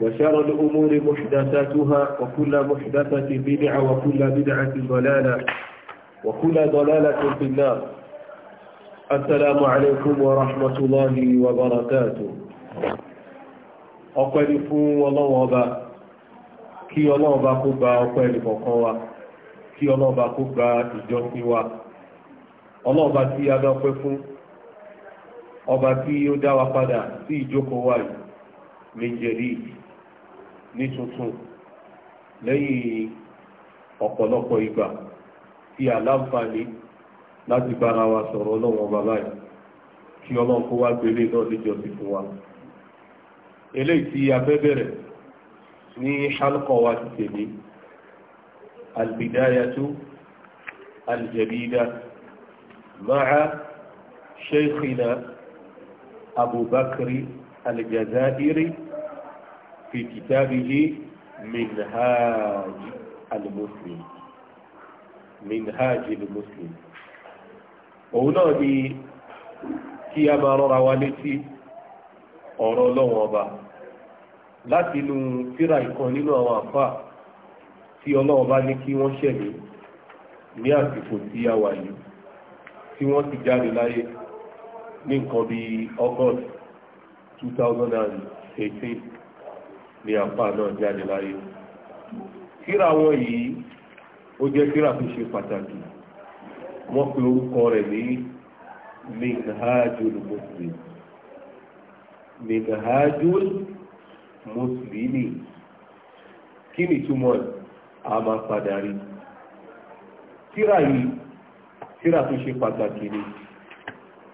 وشر الأمور محدثاتها وكل محدثة بدعة وكل بدعة ضلالة وكل ضلالة في النار السلام عليكم ورحمة الله وبركاته ọpẹ́ ni fún ọlọ́wọ́ ọba kí ọlọ́wọ́ ọba kó gba ọpẹ́ ẹnìkọ̀ọ̀kan wa kí ọlọ́wọ́ ọba kó gba ìjọsìn wa ọlọ́wọ́ ọba tí a dọ́pẹ́ fún ọba tí ó dá wa padà sí ìjókòó wa yìí méjèèjì ní tuntun lẹ́yìn ọ̀pọ̀lọpọ̀ ìgbà tí aláǹfààní láti bára wa sọ̀rọ̀ ọlọ́wọ́n bàbá yìí kí ọlọ́run kó wá gbélé náà níjọ sí fún wa eléyìí tí a fẹ́ bẹ̀rẹ̀ ní ṣálùkọ̀ wa ti tèmi albidayatu aljadida ma'a sheikhina abubakari aljazairi fi kitabihi minhaj al-muslim minhaj al-muslim òun náà ni kí a máa rọra wa létí ọ̀rọ̀ ọlọ́run ọba láti inú tírà ìkan nínú àwọn àfà tí ọlọ́run bá ní kí wọ́n ṣẹ̀mí ní àsìkò tí a wà yìí tí wọ́n ti jáde láyé ní nǹkan bíi august 2018 ni àpá náà jáde láyé kíra wọn yìí ó jẹ́ kíra tó ṣe pàtàkì wọ́n pe orúkọ rẹ̀ ní minhajul muslim minhajul muslimi kí ni túmọ̀ a máa padà rí kíra yìí kíra tó ṣe pàtàkì ni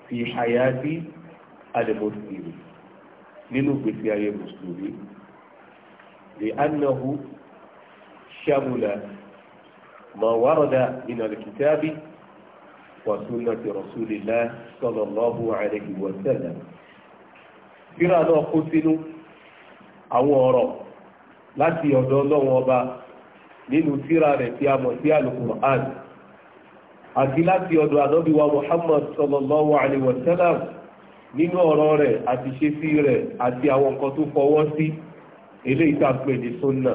fi hayati al-muslimi nínú gbèsè ayé mùsùlùmí lè anahu ṣàmùlà mà wàrọ̀dà nínú alikitaabi wa sunnati rasulillah sallallahu alayhi wa sallam. síra náà kó sínú àwọn ọ̀rọ̀ láti ọ̀dọ̀ ọlọ́run ọba nínú síra rẹ̀ tí a mọ̀ sí alukur'an àti láti ọ̀dọ̀ ànábì wa muhammad sallallahu alayhi wa sallam nínú ọ̀rọ̀ rẹ̀ àti ṣesí rẹ̀ àti àwọn nǹkan tó fọwọ́ sí. Si eléyìí tá a pè ní sunna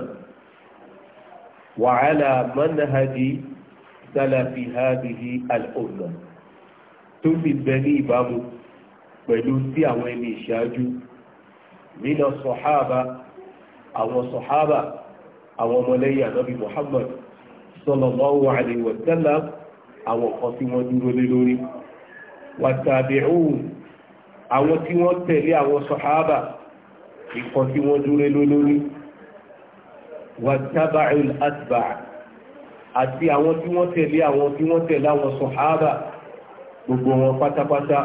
wa ala manhaji sálàfi hadihi al-umma tó sì bẹ ní ìbámu pẹ̀lú sí àwọn ẹni ìṣáájú nínú sọ̀háàbà àwọn sọ̀háàbà àwọn ọmọlẹ́yìn ànábì Muhammad sallallahu alaihi àwọn kan tí wọ́n dúró lé lórí wa tabi'un àwọn tí wọ́n tẹ̀lé àwọn sọ̀háàbà ìkọ́ tí wọ́n dúró lólórí wàtábàáìl àtìbà àti àwọn tí wọ́n tẹ̀lé àwọn tí wọ́n tẹ̀lé àwọn sọ̀hábà gbogbo wọn pátápátá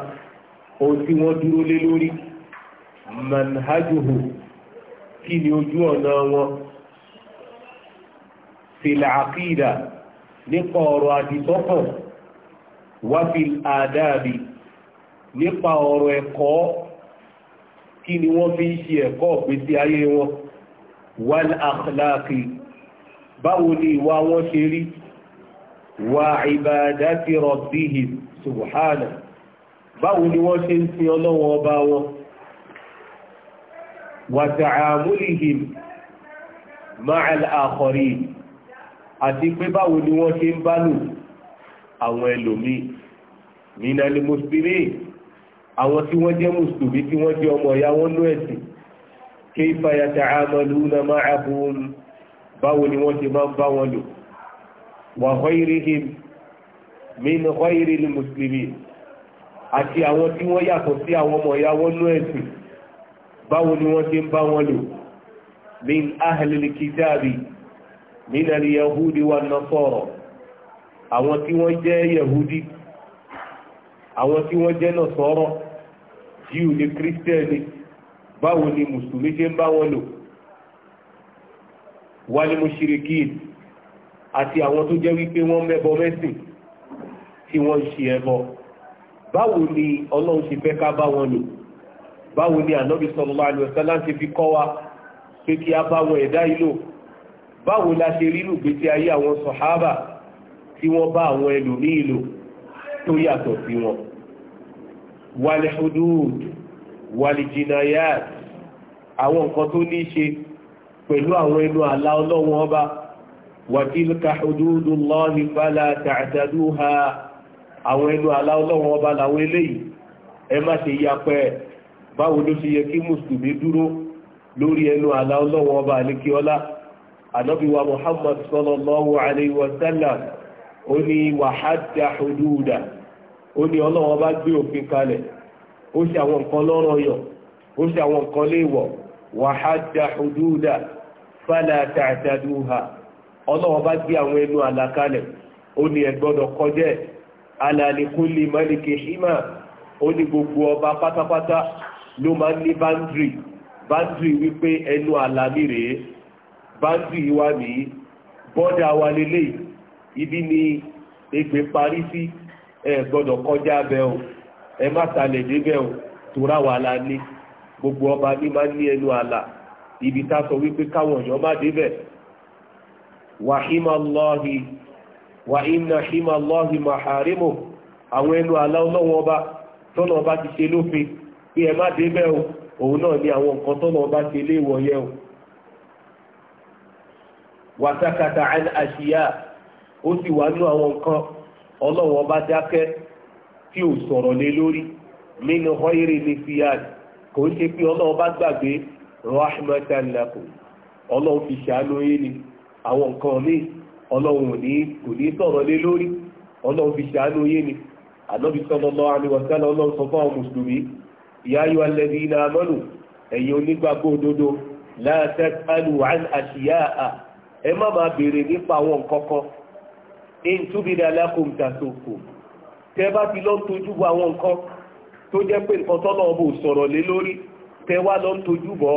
ohun tí wọ́n dúró lé lórí manhajuhu kí ni ojú ọ̀nà wọn filàkìdà nípa ọ̀rọ̀ àdìsọ́kàn wáfil àdáàbì nípa ọ̀rọ̀ ẹ̀kọ́ kí ni wọ́n fi ń ṣe ẹ̀kọ́ ìgbésí ayé wọn wal akhlaqi báwo ni ìwà wọn ṣe rí wà ibadati rabbihim subhana báwo ni wọ́n ṣe ń sin ọlọ́wọ́ ọba wọn wà ta'amulihim ma'al akharin àti pé báwo ni wọ́n ṣe ń bá lò àwọn ẹlòmíì minal muslimin àwọn tí wọ́n jẹ́ mùsùlùmí tí wọ́n jẹ́ ọmọ ìyá wọn ló ẹ̀sìn kayfa yata'amaluna ma'ahum báwo ni wọ́n ti máa ń bá wọn lò wa ghayrihim min ghayril muslimin àti àwọn tí wọ́n yàtọ̀ sí àwọn ọmọ ìyá wọn ló báwo ni wọ́n ti bá wọn lò min ahlil kitabi min al-yahudi wa nasara àwọn tí wọ́n jẹ́ yahudi àwọn tí wọ́n jẹ́ nasara jíù ni kírísítẹ́ẹ̀ni báwo ni mùsùlùmí ṣe ń bá wọn lò wálé mushrikin àti àwọn tó jẹ́ wípé wọ́n mẹ́bọ mẹ́sìn tí wọ́n ń ṣe ẹbọ báwo ni ọlọ́run ṣe fẹ́ ká bá wọn lò báwo ni ànábì sallallahu alaihi wasallam ṣe fi kọ́ wa pé kí a bá wọn ẹ̀dá yìí lò báwo la ṣe rí lùgbésí ayé àwọn sọ̀hábà tí wọ́n bá àwọn ẹlòmíì lò tó yàtọ̀ sí wọn walihudud walijinayat àwọn nǹkan tó ní ṣe pẹ̀lú àwọn ẹnu àlá ọlọ́wọ́n ọba wàtílùkà hududu Allahi fala ta'taduha àwọn ẹnu àlá ọlọ́wọ́n ọba làwọn eléyìí ẹ má ṣe yapẹ́ báwo ló ṣe yẹ kí mùsùlùmí dúró lórí ẹnu àlá ọlọ́wọ́n ọba àníkíọ́lá ànábìwá Muhammad sallallahu alayhi wa sallam ó ní wàhádà hududa ó ní ọlọ́wọ́n bá gbé òfin kalẹ̀ ó ṣe àwọn nǹkan lọ́rọ̀ o ó ṣe àwọn nǹkan léèwọ̀ wàhádà òdúdà fàlà tàtàdúhà ọlọ́wọ́n bá gbé àwọn ẹnu àlàkalẹ̀ ó ní ẹ kọjẹ́ alàlìkúnlé mẹ́lìkì ṣímà ó ní gbogbo ọba pátápátá ló máa ń ní báńdìrì báńdìrì wípé ẹnu àlàmì rèé báńdìrì ibi ni ègbè e kọjá bẹ o ẹ má sàlẹ̀ o wà la ní gbogbo ọba ni máa ní ẹnu àlà ibi tá a sọ wípé káwọn èèyàn má débẹ̀ wàhímàlọ́hì wàhímà màhàrímù àwọn ẹnu àlà ọlọ́wọ́n ọba tọ́nà ọba ti ṣe lófin pé ẹ má o òun náà ni àwọn nǹkan tọ́nà ọba ṣe o wàtàkàtà àṣìyà ó sì wà nú àwọn nǹkan ọlọ́run ọba dákẹ́ tí ò sọ̀rọ̀ lé lórí nínú ọ̀hìnrìn ní kò ń ṣe pé ọlọ́run bá gbàgbé rahmatan lakum fi ṣàánú ni àwọn nǹkan míì kò ní sọ̀rọ̀ lé lórí fi ṣàánú ni ànábi sọ fún àwọn mùsùlùmí ya ayyuhal ladhina amanu ẹ̀yin onígbàgbọ́ òdodo ẹ má béèrè nípa ìtúbìdà alákòóńtà tó kù tẹ́ bá ti lọ tójú bọ àwọn nǹkan tó jẹ́ pé nǹkan tọ́lọ́ ọbọ sọ̀rọ̀ lé lórí tẹ́ wá lọ tójú bọ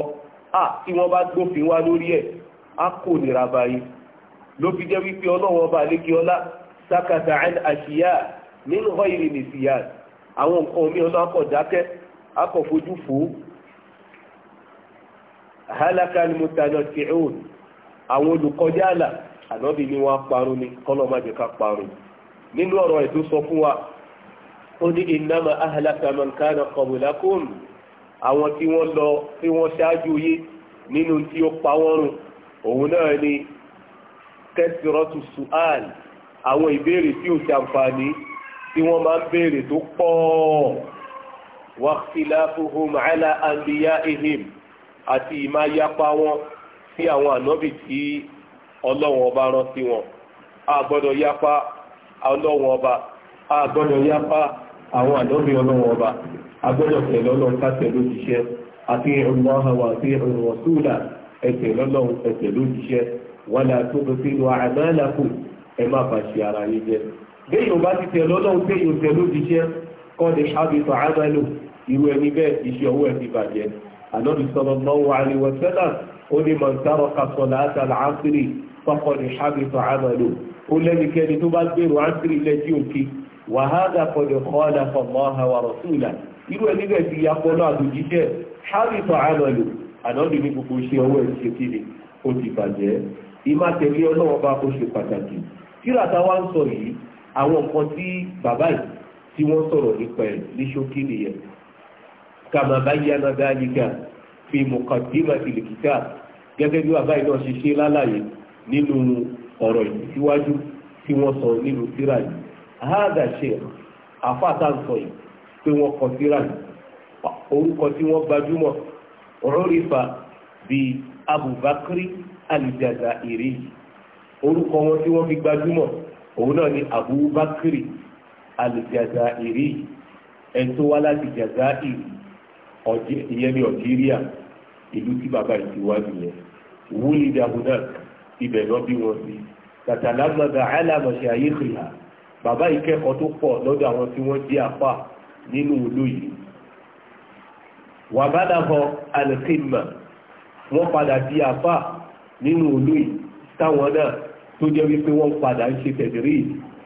à tí wọ́n bá gbófin wá lórí ẹ̀ á kò nira báyìí ló fi jẹ́ wípé ọlọ́wọ́n bá lékè ọlá sákàtà àṣìyá nínú ọ̀yìn nìṣìyà àwọn nǹkan omi ọlọ́ akọ̀dákẹ́ akọ̀fojú fò ó halaka ni mo àwọn olùkọjá àlà ànábì ni wọ́n á parun ni kọ́lọ́ má jẹ́ ká parun nínú ọ̀rọ̀ ẹ̀ tó sọ fún wa ó ní innama ahlaka man kana qablakum àwọn tí wọ́n lọ tí wọ́n ṣáájú yé nínú tí ó pa wọ́n run òun náà ni kẹsìrọ́tù su'al àwọn ìbéèrè tí ò ṣàǹfààní tí wọ́n máa ń béèrè tó pọ̀ wàhtilafuhum ala anbiyaihim àti ìmáyapa wọn sí àwọn ànábì tí ọlọ́run ọba rán sí wọn a gbọ́dọ̀ yapa ọlọ́run ọba a gbọ́dọ̀ yapa àwọn àdọ́bí ọlọ́run ọba a gbọ́dọ̀ tẹ̀lé ọlọ́run ká tẹ̀lé òṣìṣẹ́ àti ìrùnmọ́ha wà àti ìrùnmọ́súlà ẹ̀tẹ̀ lọ́lọ́run ẹ̀tẹ̀ lójíṣẹ́ wà láà tó bẹ sínú àmàlàkù ẹ má bà ṣe ara yìí jẹ bẹ́ẹ̀ yóò bá ti tẹ̀ lọ́lọ́run pé yóò tẹ̀ lójíṣẹ́ kọ́ ni hábitọ̀ àmàlù irú ẹni bẹ́ẹ̀ iṣẹ́ owó ẹ̀ ti bàjẹ́ ànábì ó ní mọ̀ntárọ̀ kàtọ̀ láàtà láàkiri fọ́kọ̀ ní ṣábìtọ̀ àmàlò ó lẹ́nikẹ́ni tó bá gbèrò áńkiri lẹ́jí òkè wàhálà kọ̀dọ̀ kọ́ọ̀lá fọ̀mọ́ àwà rọ̀súùlà irú ẹni bẹ́ẹ̀ ti yapọ̀lọ́ àdójíṣẹ́ ṣábìtọ̀ àmàlò ànábì ní gbogbo iṣẹ́ ọwọ́ ẹ̀ ṣe kíni ó ti bàjẹ́ ìmá tẹ̀lé ọlọ́wọ́ bá ó ṣe pàtàkì kíra táwa ń gẹ́gẹ́ bí bàbá iná ṣe ṣe lálàyé nínú ọ̀rọ̀ ìsíwájú tí wọ́n sọ nínú síra yìí ahada ṣe àfáàtà ń sọ yìí pé wọ́n kọ síra yìí orúkọ tí wọ́n gbajúmọ̀ rọ́rífà bíi abubakar al-jazairi orúkọ wọn tí wọ́n fi gbajúmọ̀ òun náà ni abubakar al-jazairi ẹni tó wá láti jazairi ìyẹn ní algeria ìlú tí bàbá ìtiwájú yẹn wúlì dàbùnà ibẹ̀ lọ bí wọn sí tàtàlágbàgbà alámọ̀ṣẹ́ ayé kìlá bàbá ìkẹ́kọ̀ọ́ tó pọ̀ lọ́dọ̀ àwọn tí wọ́n jẹ́ apá nínú olú yìí wà bá dàbọ̀ alìkìmà wọ́n padà di apá nínú olú yìí táwọn náà tó jẹ́ wípé wọ́n padà ń ṣe tẹ̀dírí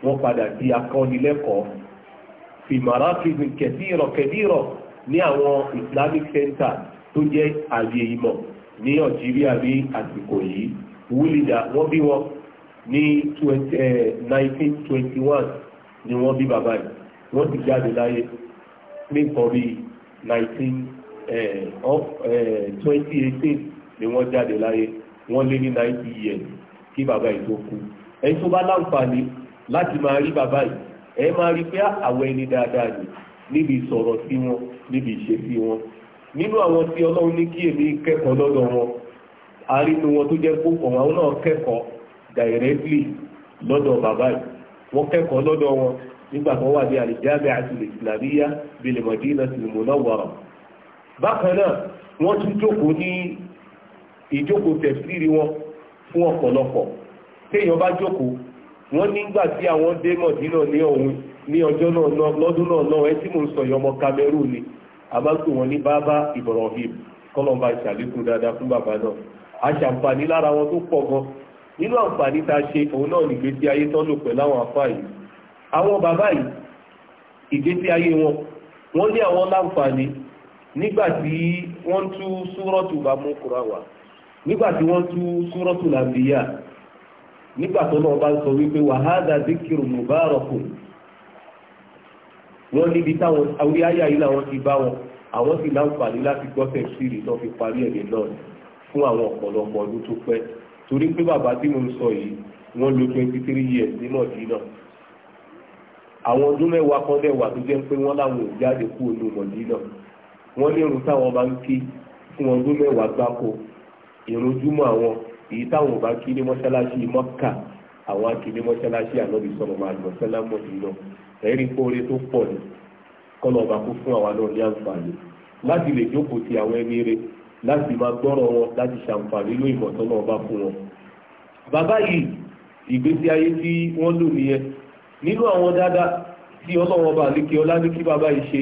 wọ́n padà di akọ́nilẹ́kọ̀ọ́ fìmàrà kìdìrọ̀ kẹdìrọ̀ ní àwọn islamic center tó jẹ́ àyè ìmọ̀ ní algeria bí àsìkò yìí wúlìdà wọ́n bí wọn ní 1921 eh, ni wọ́n bí bàbá yìí wọ́n ti jáde láyé ní bí 2018 eh, eh, ni wọ́n jáde láyé wọ́n lé ní 90 years kí bàbá yìí tó kú ẹni tó bá láǹfààní láti máa rí bàbá yìí ẹ máa rí pé àwọn ẹni dáadáa ni níbi ìsọ̀rọ̀ sí wọn níbi ìṣe sí wọn nínú àwọn tí ọlọ́run ní kí èmi kẹ́kọ̀ọ́ lọ́dọ̀ wọn a rí inú wọn tó jẹ́ kó ọ̀wọ́ àwọn náà kẹ́kọ̀ọ́ directly lọ́dọ̀ bàbá yìí wọ́n kẹ́kọ̀ọ́ lọ́dọ̀ wọn nígbà tó wà ní àlìjáàbẹ̀ àti ìsìlàmíyá bílẹ̀ mọ̀dínà sí ìmúnáwàrà bákan náà wọ́n tún jókòó ní ìjókòó tẹ̀síìrì wọn fún ọ̀pọ̀lọpọ̀ téèyàn bá jókòó wọ́n nígbà tí àwọn dé mọ̀dínà ní ọjọ́ náà lọ́dún náà náà ẹ tí mò ń sọ ìyọmọ Cameroon ni a máa ń pè wọn ní bàbá Ibrahim kọ́lọ́mbà ìṣàlékún dáadáa fún bàbá náà a ṣàǹfààní lára wọn tó pọ̀ gan nínú àǹfààní tá a ṣe òun náà nìgbésí ayé tán lò pẹ̀lú àwọn àfáà yìí àwọn bàbá yìí ìgbésí ayé wọn wọ́n ní àwọn láǹfààní nígbà tí wọ́n tú súrọ́tù bá kura wà nígbà tí wọ́n tú súrọ́tù làbíyà nígbà tó náà bá ń sọ wípé wàhálà díkìrù mubarakun wọ́n níbi táwọn orí àyà yìí làwọn ti bá wọn àwọn sì láǹfààní láti gbọ́ tẹ̀síìrì náà fi parí ẹ̀dẹ̀ náà fún àwọn ọ̀pọ̀lọpọ̀ ọdún tó pẹ́ torí pé bàbá tí mo ń sọ yìí wọ́n lò twenty three years ní mọ̀dínà àwọn ọdún mẹ́wàá kan dẹ̀wà tó jẹ́ pé wọ́n láwọn ò jáde kú ònú mọ̀dínà wọ́n ní irun táwọn bá ń kí fún ọdún mẹ́wàá gbáko irun júmọ́ àwọn èyí táwọn bá kí ní mọ́ṣáláṣí mọ́kà àwọn akí mọ́ṣáláṣí ànábì ẹ̀rí kóore tó pọ̀ ní kọ́nà ọba fún àwa náà ní àǹfààní láti lè jókòó ti àwọn ẹni láti máa gbọ́rọ̀ wọn láti ṣàǹfààní ló ìmọ̀ tọ́nà ọba fún wọn. bàbá yìí ìgbésí ayé tí wọ́n lò nìyẹn nínú àwọn dáadáa tí bá lékè ọlá ní kí bàbá yìí ṣe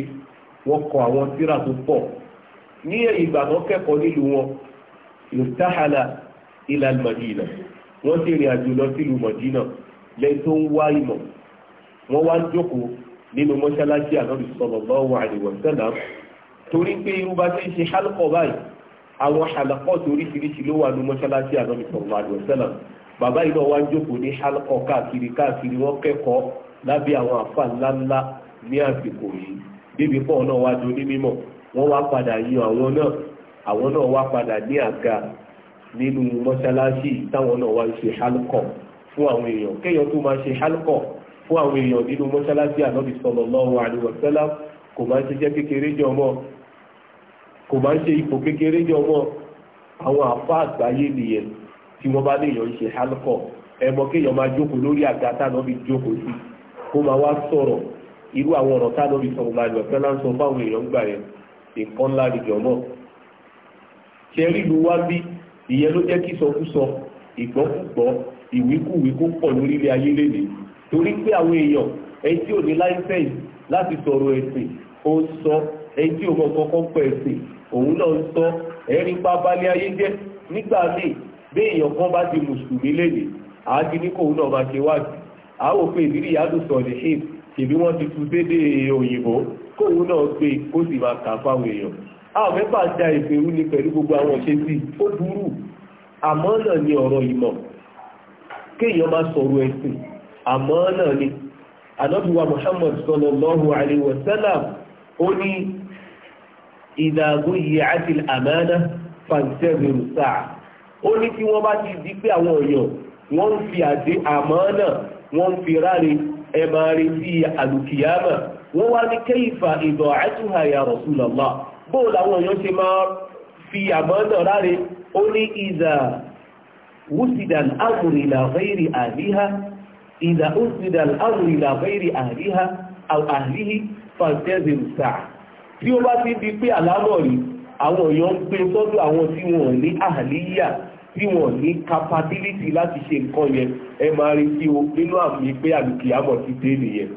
wọ́n kọ àwọn tó pọ̀ ní ìgbà tó wọn wọ́n ti rìn àjò lọ sílùú wọ́n wá ń jókòó nínú mọ́ṣáláṣí ànábì sallallahu alaihi wasallam torí pé irú bá ti ń ṣe hálùkọ̀ báyìí àwọn hálùkọ̀ tó oríṣiríṣi ló wà ní mọ́ṣáláṣí ànábì sallallahu alaihi wasallam bàbá yìí náà wá ń jókòó ní hálùkọ̀ káàkiri káàkiri wọ́n kẹ́kọ̀ọ́ lábẹ́ àwọn àfa ńláńlá ní àsìkò yìí débi pọ̀ náà wá di onímọ̀ wọ́n wá padà yan àwọn náà fún àwọn èèyàn nínú mọ́ṣáláṣí ànábì sallallahu alaihi wasallam kò máa ń ṣe jẹ́ kékeré jọ mọ́ kò máa ń ṣe ipò kékeré jọ mọ́ àwọn àfa àgbáyé nìyẹn tí wọ́n bá léèyàn ṣe hálkọ̀ ẹ̀mọ́ kéèyàn máa jókòó lórí àga tánàbì jókòó sí kó máa wá sọ̀rọ̀ irú àwọn ọ̀rọ̀ tánàbì sallallahu alaihi wasallam sọ fáwọn èèyàn gbà yẹn nǹkan torí pé àwọn èèyàn ẹni tí ò ní láìsẹ̀ǹsì láti sọ̀rọ̀ ẹ̀sìn ó ń sọ ẹni tí ò mọ̀ kọ́kọ́ pẹ̀ ẹ̀sìn òun náà ń sọ ẹ̀rí pa balẹ̀ ayé jẹ́ nígbà míì bí èèyàn kan bá di mùsùlùmí lẹ́nìí àájí ní kòun náà máa ṣe wájú àwò pé ìdílé ìyádù sọ̀rọ̀ ṣe tèmi wọ́n ti tu dédé òyìnbó kóun náà gbé kó sì máa kà fáwọn èèyàn àwọn mẹ́fà da ìpèrú ni pẹ̀lú gbogbo àwọn ṣe sí ó burú àmọ́ náà ni ọ̀rọ̀ ìmọ̀ kéèyàn máa sọ̀rọ̀ ẹ̀sìn àmánà ni ànábì wa Muhammad sallallahu alayhi wa sallam ó ní ìdàgún yìí àti àmánà fàǹtẹ́rù sáà ó ní tí wọ́n bá ti di pé àwọn èèyàn wọ́n ń fi àdé àmánà wọ́n ń fi ráre ẹ máa retí àlùkìyàmà wọ́n wá ní kẹ́yìfà ìdọ̀ àtúhà ya bóò làwọn èèyàn ṣe máa fi àmánà ráre ó ní ìdà wùsìdàn ámùrìnà rẹ́rì àdíhá ìdá ó ti dà láàrùn ìlà bẹ́ẹ̀rì àhìlíhì fàtẹ́zì sáà tí ó bá ti di pé àlámọ̀ rí àwọn èèyàn ń gbé sọ́dọ̀ àwọn tí wọ́n ní àhàlíyà tí wọ́n ní capability láti ṣe nǹkan yẹn ẹ máa rí sí o nínú àmì pé àlùkìyàmọ̀ ti dé nìyẹn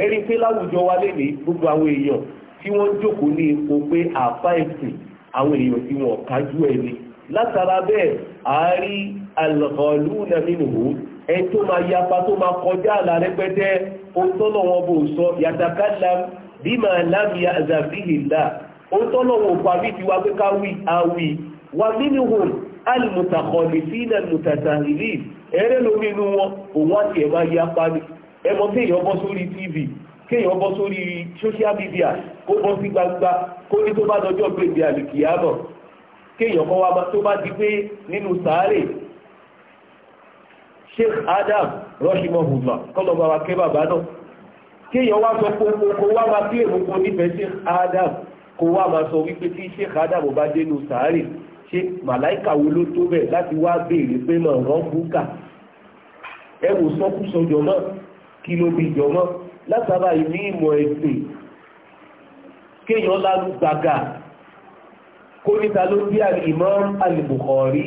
ẹ rí pé láwùjọ wa lè ní gbogbo àwọn èèyàn tí wọ́n jókòó ní ipò pé àbá ẹ̀sìn àwọn èèyàn tí wọ́n kájú ẹ̀ látara bẹ́ẹ̀ àárí alọ́ọ̀lù ẹni tó máa yapa tó máa kọjá àlà rẹpẹtẹ ohun bò sọ yatakallam bima lam ya'zan bihi Allah ohun tọ́lọ̀ wọn ò parí tiwa pé ká wí àwì wà minhum al-mutakhallifina al-mutatahhilin ẹ̀rẹ́ lómi inú wọn òun àti ẹ̀ máa yapa ni ẹmọ kéèyàn bọ́ sórí tv kéèyàn bọ́ sórí social media kó bọ́ sí gbangba kó ní tó bá dọjọ́ gbèdé àlìkìyàmọ̀ kéèyàn kọ́ wa tó bá di pé nínú sàárè sheikh adam rọ́ṣìmọ̀hùnmá kọ́lọ̀bà wa kẹ́ bàbá náà kí èèyàn wá sọ pé kò wá máa pé èrò kan nífẹ̀ẹ́ sheikh adam kò wá máa sọ wípé tí sheikh adam bá dénú sàárè ṣe màláìkà wo ló tó bẹ̀ láti wá béèrè pé mọ̀ rọ́bùkà ẹ wò sọ́kùsọ jọmọ́ kí ló bí jọmọ́ látara ìní ìmọ̀ ẹ̀sìn kéèyàn lálù gbàgà kó níta ló bí al-imam al-bukhari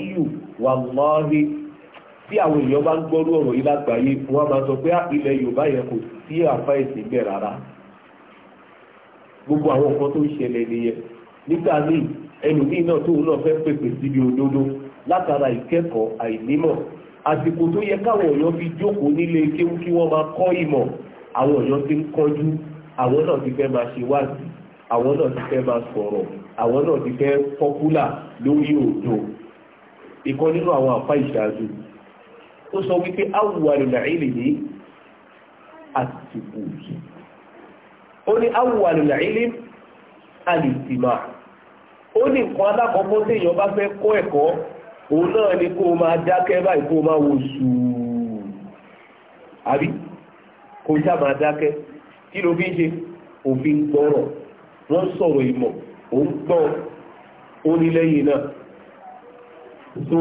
wàlláhi tí àwọn èèyàn bá ń gbọ́rú ọ̀rọ̀ yìí lágbàáyé wọ́n máa sọ pé ah, ilẹ̀ yorùbá yẹn kò sí àfa ẹ̀sìn bẹ́ẹ̀ rárá gbogbo àwọn nǹkan tó ń ṣẹlẹ̀ nìyẹn nígbà míì ẹlòmíì náà tóun náà fẹ́ pèpè síbi òdodo látara ìkẹ́kọ̀ọ́ àìnímọ̀ àsìkò tó yẹ káwọn èèyàn fi jókòó nílé kéwú kí wọ́n máa kọ́ ìmọ̀ àwọn èèyàn ti ń kọjú àwọn náà ti fẹ́ máa ṣe wáàsí àwọn náà ti fẹ́ máa sọ̀rọ̀ àwọn náà ti fẹ́ pọ́pùlà lórí òdo ìkan nínú àwọn àfa ìṣáájú ó sọ wípé ilmi àtìkù ó ní awwalul ilmi alìsìmá ó ní nǹkan alákọ̀ọ́kọ́ tí èèyàn bá fe ko eko òun ni kó máa dákẹ́ báyìí kó ma wo sùúrù àbí ko sá ma ja kí ló fi ń ṣe òfin gbọ́rọ̀ wọ́n sọ̀rọ̀ ìmọ̀ òun gbọ́ ó ní lẹ́yìn náà tó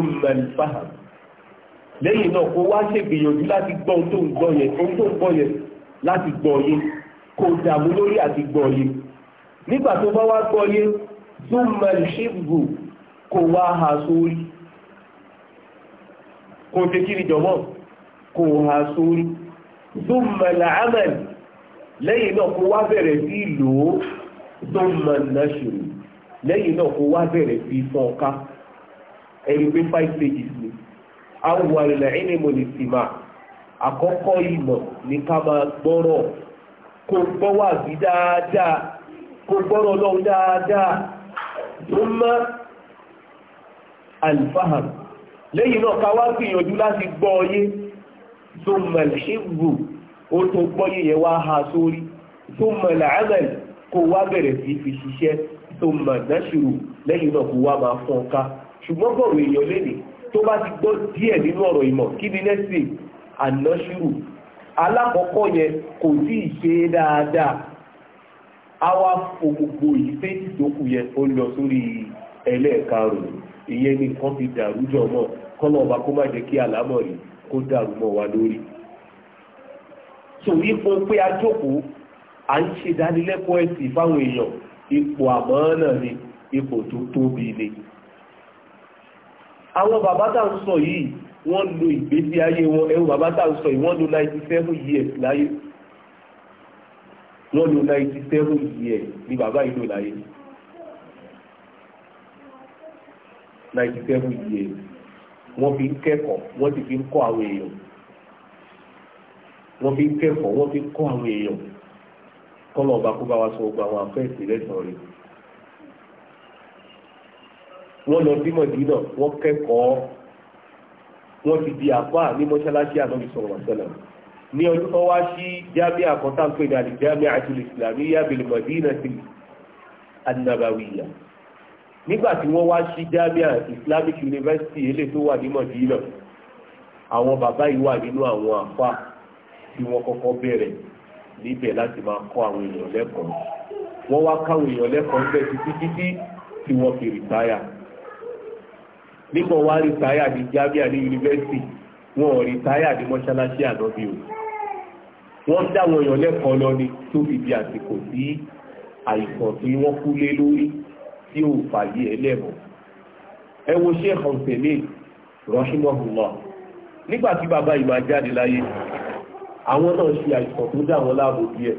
lẹ́yìn náà kó wá ṣègbìyànjú láti gbọ́ ohun tó ń gbọ́ yẹn ohun tó ń gbọ́ yẹn láti gbọ́ yé kó dààmú lórí àti gbọ́ yé nígbà tó bá wá gbọ́ yé zuma ṣíbù kó wá ha sórí kó ṣe kiri jọmọ́ kó ha sórí zuma làámẹ̀lì lẹ́yìn náà kó wá bẹ̀rẹ̀ sí ìlò zuma nàṣìrì lẹ́yìn náà kó wá bẹ̀rẹ̀ sí fọ́nká ẹ̀rí pé five pages ni awùwà ilẹ̀ ìnìmọ̀ lè sì máa àkọ́kọ́ ìmọ̀ ní ká máa gbọ́rọ̀ kó gbọ́wà sí dáadáa kó gbọ́rọ̀ lọ́wọ́ dáadáa tó mọ́ alifaham lẹ́yìn náà ká wá gbìyànjú láti gbọ́ ọyé tó mọ̀lẹ̀ ṣíwù ó tó gbọ́yé yẹn wá ha sórí tó mọ̀lẹ̀ àmẹ́l kó wá bẹ̀rẹ̀ sí fi ṣiṣẹ́ tó mọ̀ náṣìrò lẹ́yìn náà kó wá máa fọ́n ká ṣùgbọ́n bọ̀rọ̀ èèyàn lénìí tó bá ti gbọ́ díẹ̀ nínú ọ̀rọ̀ ìmọ̀ kí ni nẹ́sì ànáṣírù alákọ̀ọ́kọ́ yẹn kò tí ì ṣe dáadáa àwa gbogbo yìí fèjì tó kù yẹn ó lọ sórí ẹlẹ́ẹ̀karùn-ún ìyẹn ni kan fi dàrú jọ náà kọ́nà ọba kó má jẹ́ kí àlámọ̀ rí kó dàrú mọ́ wa lórí torí fún pé a jókòó à ń ṣe dánilẹ́kọ̀ọ́ ẹ̀sìn fáwọn èèyàn ipò àmọ́ náà ni ipò tó tóbi ni àwọn bàbá tá ń sọ yìí wọ́n lo ìgbésí ayé wọn ẹ̀rù bàbá tá ń sọ yìí wọ́n lo ninety seven years láyé wọ́n lo ninety seven years ni bàbá yìí lò láyé ninety seven years wọ́n fi ń kẹ́kọ̀ọ́ wọ́n ti fi ń kọ́ àwọn èèyàn wọ́n fi ń kẹ́kọ̀ọ́ wọ́n fi ń kọ́ àwọn èèyàn kọ́lọ̀ ọba kó bá wa sọ gbogbo àwọn afẹ́ẹ̀sì lẹ́sàn-án wọ́n lọ sí mọ̀dínà wọ́n kẹ́kọ̀ọ́ wọ́n ti di àpá ní mọ́ṣáláṣí ànábì sọ̀rọ̀ sọ̀lọ̀ ní ọdún tó wá sí jábí àkọ́tà ń pè ní àlìjábí àti ìsìlámí yábìlì mọ̀dínà sí ànàbàwìyà nígbà tí wọ́n wá sí jábí islamic university ilé tó wà ní mọ̀dínà àwọn bàbá yìí wà nínú àwọn àpá tí wọ́n kọ́kọ́ bẹ̀rẹ̀ níbẹ̀ láti máa kọ́ àwọn èèyàn lẹ́kọ̀ọ́ wọ́n wá káwọn èèyàn lẹ́kọ̀ọ́ bẹ́ẹ̀ títí títí tí wọ́n fi rìtáyà nígbà wá rí táyà ní jábíà ní yunifásitì wọn ò rí táyà ní mọ́ṣáláṣí ànábì o wọ́n dáwọn èèyàn lẹ́kọ̀ọ́ lọ ni tó fi di àsìkò sí àìsàn tí wọ́n kú lé lórí tí ò fàyè ẹlẹ́mọ̀ ẹ wo sheikh ọ̀sẹ̀lẹ̀ rahimahullah nígbà tí bàbá yìí máa jáde láyé àwọn náà ṣe àìsàn tó dá láàbò díẹ̀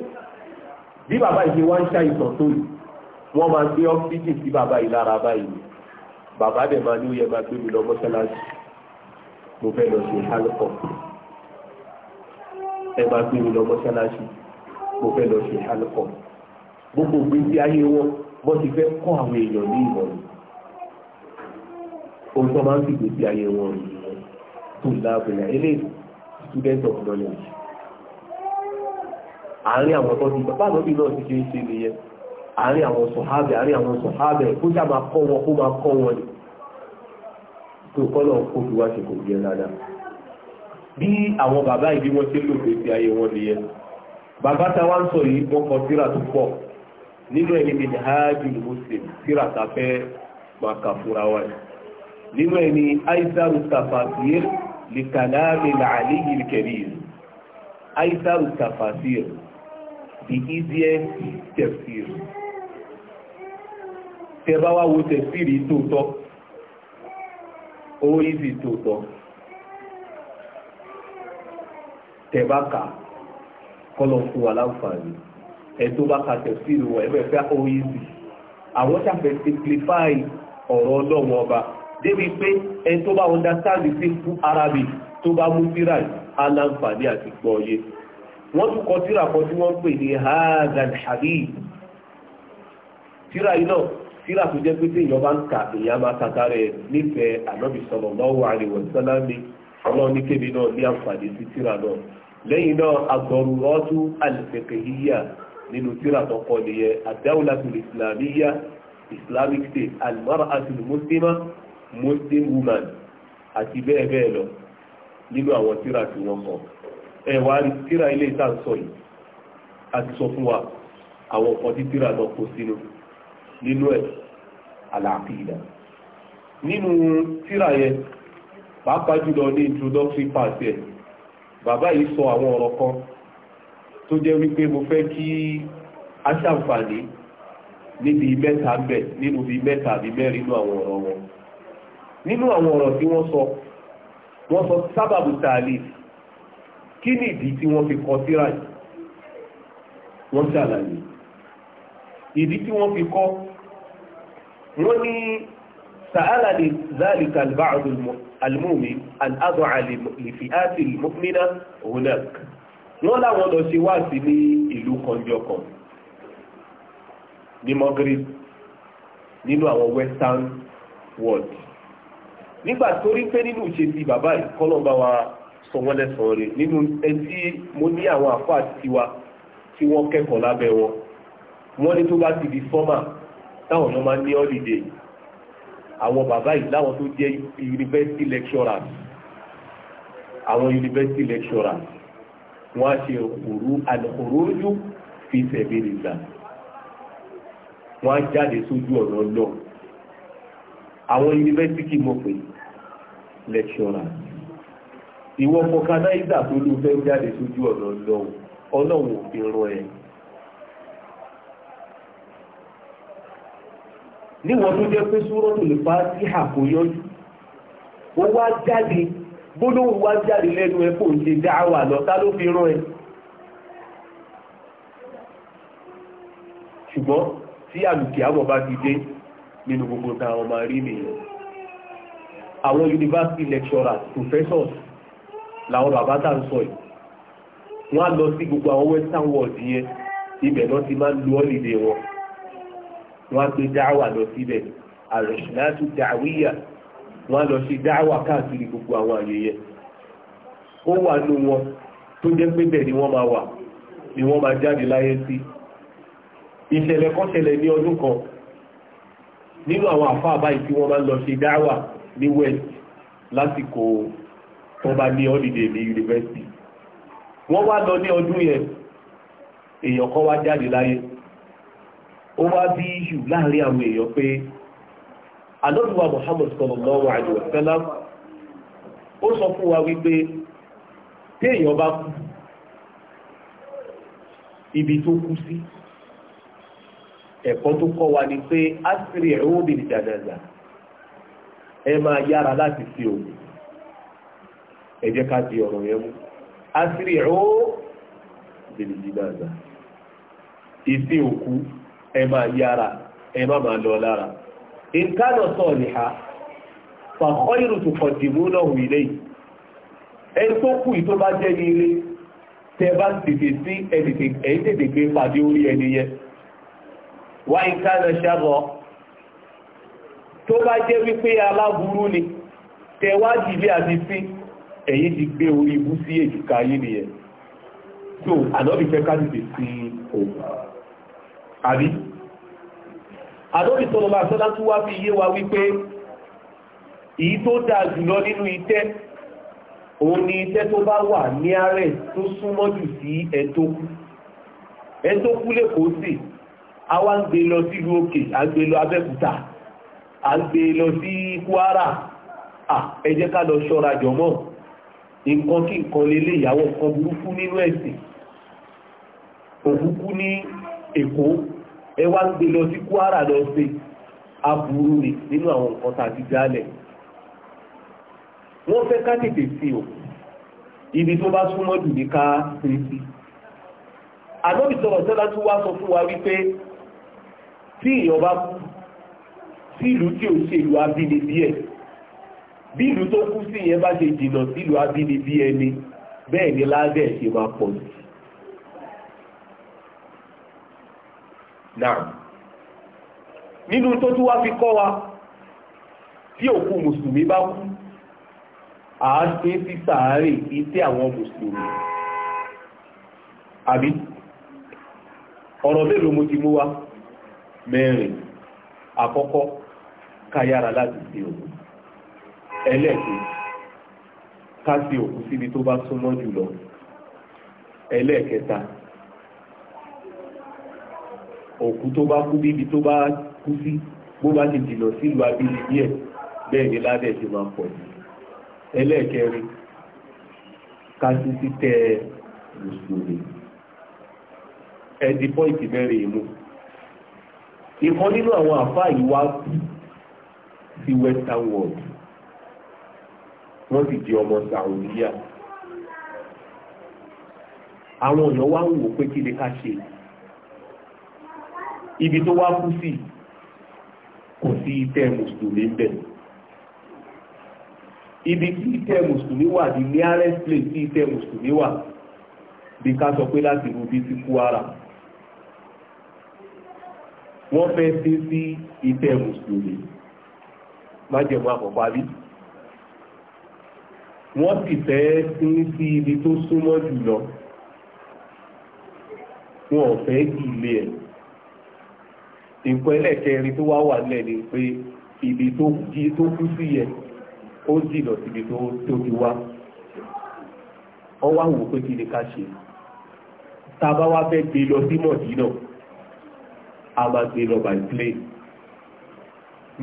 bí bàbá yìí wá ń ṣàìsàn tó yìí wọ́n máa gbé ọ́fíìsì sí bàbá yìí lára báyìí bàbá dẹ̀ máa ní ó yẹ máa gbé mi lọ mọ́sálásí mo fẹ́ lọ sí hálùkọ̀ ẹ máa gbé mi lọ mọ́sálásí mo fẹ́ lọ sí hálùkọ̀ gbogbo gbèsè ayé wọn bọ́ ti fẹ́ kọ́ àwọn èèyàn ní ìmọ̀ràn ohun tó máa ń fi gbèsè ayé wọn rèé tó lábẹ́lẹ̀ eléyìí student of knowledge àárín àwọn tó ti bàbá àlọ́bí náà ti ṣe é ṣe nìyẹn àárín àwọn sọ̀hábẹ̀ àárín àwọn sọ̀hábẹ̀ kó já máa kọ́ wọn kó máa kọ́ wọn ni tó kọ́lọ̀ kó fi wá ṣe kò jẹ́ dáadáa bí àwọn bàbá ìbí wọn ṣe lò pé ti ayé wọn nìyẹn bàbá ta wá ń sọ yìí wọ́n kọ síra tó pọ̀ nínú ẹni ni hajj muslim síra ta fẹ́ máa kà fúnra wa nínú ẹni aisaru tafasir likalami aliyu kẹrin aisaru tafasir the easiest tafsir tẹ bá wá wo tẹ̀síìrì tòótọ́ owó ìzì tòótọ́ tẹ bá kà kọ́lọ̀ fún wa láǹfààní ẹ bá ka tẹ̀síìrì wọ̀ ẹgbẹ́ fẹ́ owó ìzì àwọn ṣàfẹ́ simplify ọ̀rọ̀ ọlọ́wọ́ ọba débi pé ẹ tó bá understand the simple Arabic tó bá mú síra aláǹfààní àti gbọ́ọ̀yé wọ́n tún kọ tíra kan tí wọ́n pè ní haazan habib tíra yìí náà tíra tó jẹ́ pé tí ìyọba ń kà èèyàn máa tata rẹ̀ nífẹ̀ẹ́ ànábì sallallahu alaihi wasallam ọlọ́run ní kébi náà ní àǹfààní sí tíra náà lẹ́yìn náà ad-daruratu al-fiqhiyya nínú tíra tó kọ nìyẹn ad-dawlatu islamic state al-mar'atu muslima muslim woman àti bẹ́ẹ̀ bẹ́ẹ̀ lọ nínú àwọn tíra tí wọ́n kọ ẹ̀wà tíra ilé ìta ń sọ yìí a sọ fún wa àwọn ọ̀pọ̀ tí tíra náà kó sínú nínú ẹ̀ al-aqida nínú tíra yẹn pàápàá jùlọ ní introductory part yẹn bàbá yìí sọ àwọn ọ̀rọ̀ kan tó jẹ́ wípé mo fẹ́ kí a ṣàǹfààní níbi mẹ́ta ń bẹ̀ nínú bí mẹ́ta àbí mẹ́rin nínú àwọn ọ̀rọ̀ wọn nínú àwọn ọ̀rọ̀ tí wọ́n sọ wọ́n sọ sábàbù tààlìf kí ni ìdí tí wọ́n fi kọ tíra yìí wọ́n ṣàlàyé ìdí tí wọ́n fi kọ wọ́n ní sàálà ní zálìkà albáàdù almúmi al'adọ́ àlèfìáàtì mọ́mínà hunak wọ́n láwọn lọ sí wá sí ní ìlú kanjọkan ní Maghrib nínú àwọn western world nígbà tó rí pé nínú ìṣe ti bàbá ìkọlọ́ba wa sọ wọ́n lẹ́sàn rẹ̀ nínú ẹtí mo ní àwọn àfáà tiwa tí wọ́n kẹ́kọ̀ọ́ lábẹ́ wọn wọ́n ní tó bá ti di sọ́mà táwọn èèyàn máa ń ní holiday àwọn bàbá yìí láwọn tó jẹ́ university lecturers àwọn university lecturers wọ́n á ṣe òru àlùkòrójú fi sabilillah wọ́n á jáde sójú ọ̀nà lọ àwọn university kì mọ̀ pé lecturers ìwọ fọkanáìdà tó ló fẹ́ jáde sójú ọ̀nà lọ ọlọ́run òfin rán ẹ̀ níwọ̀n tó jẹ́ pé súrọ́tò lè fa sí àkóyọ́jú ó wá jáde gbólóhùn wá jáde lẹ́nu ẹ kò ń ṣe dáhàwà lọ tá ló fi rán ẹ ṣùgbọ́n tí àlùkì àwọ̀ bá ti dé nínú gbogbo táwọn máa rí nìyẹn àwọn university lecturers professors làwọn bàbá tá ń sọ yìí wọ́n á lọ sí gbogbo àwọn western world yẹn ibẹ̀ náà ti máa ń lo ọ́lìdè wọn wọ́n á gbé dáwà lọ síbẹ̀ àrẹ̀ṣìláṣù dáwíyà wọ́n á lọ ṣe dáwà káàkiri gbogbo àwọn àyẹyẹ ó wà nù wọn tó jẹ́ pé bẹ́ẹ̀ ni wọ́n máa wà ni wọ́n máa jáde láyé sí ìṣẹ̀lẹ̀ kan ṣẹlẹ̀ ní ọdún kan nínú àwọn àfáà báyìí tí wọ́n máa lọ ṣe dáwà ní west lásìkò tó bá ní holiday ní yunifásitì wọ́n wá lọ ní ọdún yẹn èèyàn kan wá jáde láyé ó wá bí yù láàrin àwọn èèyàn pé anọ́dúnwà Muhammad sallallahu alaihi wa sallam ó sọ fún wa wípé téèyàn bá kú ibi tó kú sí ẹ̀kọ́ tó kọ́ wa ni pé asiri ẹ̀rọ bil janaza ẹ máa yára láti fi òun ẹ jẹ́ ká di ọ̀rọ̀ yẹn mú asiri ẹ̀rọ bil janaza ìsìn òkú ẹ máa yára ẹ má máa lọ lára ìkánà sọ̀rọ̀ nìha fàkọ́ ìrù tó kọ̀dìmú náà wù ilé yìí ẹ tó kù ìtó bá jẹ́ ní ilé tẹ bá tètè sí ẹ̀yìn tètè gbé pàdé orí ẹni yẹn wá ìkánà ṣàgọ́ tó bá jẹ́ wípé aláburú ni tẹ wá jìlé àti sí ẹ̀yìn ti gbé orí ibú sí èjìká yìí nìyẹn so ànábìfẹ́ ká tètè sí òun àbí àdóbi tó lọ́wọ́ àṣọ́lá tó wá fi yé wa wípé èyí tó dáa jùlọ nínú itẹ́ òun ni itẹ́ tó bá wà ní ààrẹ tó súnmọ́ jù sí ẹ̀tọ́kú ẹ̀tọ́kú lè kó sí àwa ń gbé lọ sílùú òkè à ń gbé lọ abẹ́kúta à ń gbé lọ sí kwara ẹ jẹ́ ká lọ ṣọ́ra jọmọ́ nǹkan kí nǹkan lélẹ̀ ìyàwó kan burúkú nínú ẹ̀sìn òkúkú ní èkó ẹ wá ń gbé lọ sí Kwara lọ sí aburú ni nínú àwọn nǹkan tá a ti dálẹ̀ wọ́n fẹ́ ká tètè sí o ibi tó bá súnmọ́ jù ní ká sin sí ànábì sọ̀rọ̀ sọ́lá tún wá sọ fún wa wípé tí èèyàn bá kú sí ìlú tí ò ṣe ìlú abínibí ẹ̀ bí ìlú tó kú sí ìyẹn bá ṣe jìnnà sí ìlú abínibí ẹni bẹ́ẹ̀ ni ládẹ̀ ṣe máa pọ̀ sí náà nínú tó tún wá fi kọ́ wa tí òkú mùsùlùmí bá kú àáṣe sí sàárè ìtẹ́ àwọn mùsùlùmí àbí ọ̀rọ̀ mélòó mo ti mú wá mẹ́rin àkọ́kọ́ káyára láti sí òkú ẹlẹ́ẹ̀kejì ká sí òkú síbi tó bá súnmọ́ jùlọ ẹlẹ́ẹ̀kẹta òkú tó bá kú bíbi tó bá kú sí bó bá ti dìnà sílùú abílí díẹ̀ bẹ́ẹ̀ ni ládẹ̀ ṣe máa pọ̀ sí ẹlẹ́ẹ̀kẹrin kásí títẹ mùsùlùmí ẹ̀dì pọ́ìtì mẹ́rin ìmú ìkan nínú àwọn àfáà yìí wá sí western world wọ́n sì di ọmọ Saudiya àwọn èèyàn wá ń wò pé kí ni ká ṣe ibi tó wá kú sí kò sí ìtẹ́ mùsùlùmí ń bẹ ibi tí ìtẹ́ mùsùlùmí wà ní nearest place tí ìtẹ́ mùsùlùmí wà bí ká sọ pé láti rubí sí Kwara wọ́n fẹ́ sí sí ìtẹ́ mùsùlùmí májẹ̀mú àkọ́kọ́ àbí wọ́n sì fẹ́ sí sí ibi tó súnmọ́ jùlọ wọn ò fẹ́ kí ilé ẹ̀ nǹkan ẹlẹ́kẹrin tó wá wà nílẹ̀ ni pé ibi tó jí tó kú sí yẹ ó jìnà síbi tó tóbi wá ọ wá wò pé kí ni ká ṣe tá a bá wá fẹ́ gbé lọ sí mọ̀dínà a máa gbé lọ by plane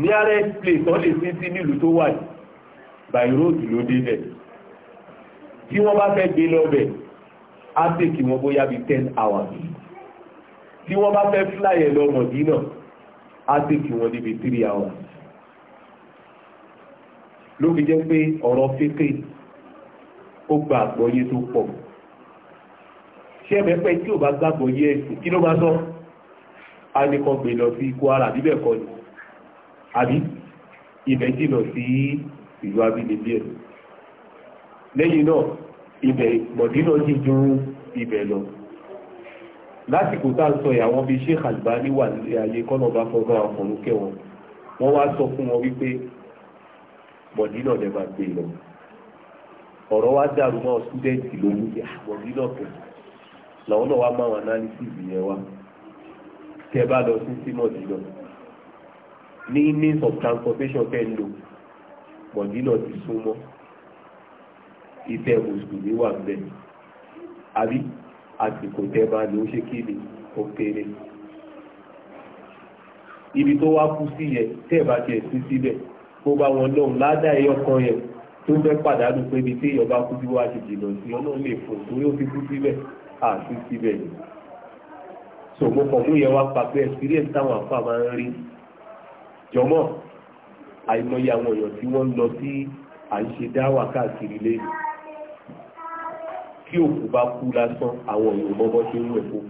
nearest place wọ́n lè sí sí nílùú tó wà by road ló débẹ̀ tí wọ́n bá fẹ́ gbé lọ bẹ̀ á sì kí wọ́n bóyá bí ten hours tí wọ́n bá fẹ́ fly ẹ̀ lọ Mọ̀dínà á sì kí wọ́n níbi three hours ló fi jẹ́ pé ọ̀rọ̀ fíkè ó gba àgbọ́yé tó pọ̀ ṣé ẹ̀mẹ́pẹ́ tí ò bá gbàgbọ́ yé ẹ̀sìn kí ló máa sọ a ní kan gbé lọ sí Kwara níbẹ̀ kọ́ ni àbí ibẹ̀ jìnà sí ìlú abínibí ẹ̀ lẹ́yìn náà ibẹ̀ Mọ̀dínà ti ju ibẹ̀ lọ lásìkò tá à ń sọ yìí àwọn bíi Sheikh Albani wà nílé ayé kọ́nà bá fọ́ bá ọkùnrin kẹwọn wọ́n wá sọ fún wọn wípé bọ̀dínà lè máa gbé e lọ ọ̀rọ̀ wa dàrú mọ́ ṣúdẹ́ǹtì lórí pé ah, bọ̀dínà kẹ̀ làwọn náà wá máa wọn analysis yẹn wá tẹ bá lọ sí sí mọ̀dínà ní means of transportation fẹ́ lò bọ̀dínà ti súnmọ́ ìfẹ́ mùsùlùmí wà bẹ́ẹ̀ àbí àsìkò tẹ́bà ló ṣe kí ni ó kéré ibi tó wá kú sí yẹn tẹ́bà ti ẹ̀ sí síbẹ̀ kó bá wọn lọ́hùn ládàá ẹyọ kan yẹn tó fẹ́ pàdánù pé ibi tí èèyàn kú sí wá ti jìnnà sí ọlọ́run lè fò torí ó fi kú síbẹ̀ à sí síbẹ̀ ni so mo mú yẹn wá pa pé experience táwọn àfa máa ń rí jọmọ àìmọye àwọn èèyàn tí wọ́n lọ sí à ń ṣe dáwà káàkiri lẹ́yìn tí òkú bá kú lásán àwọn èèyàn mọ́bọ́ ṣe ń wẹ̀ fún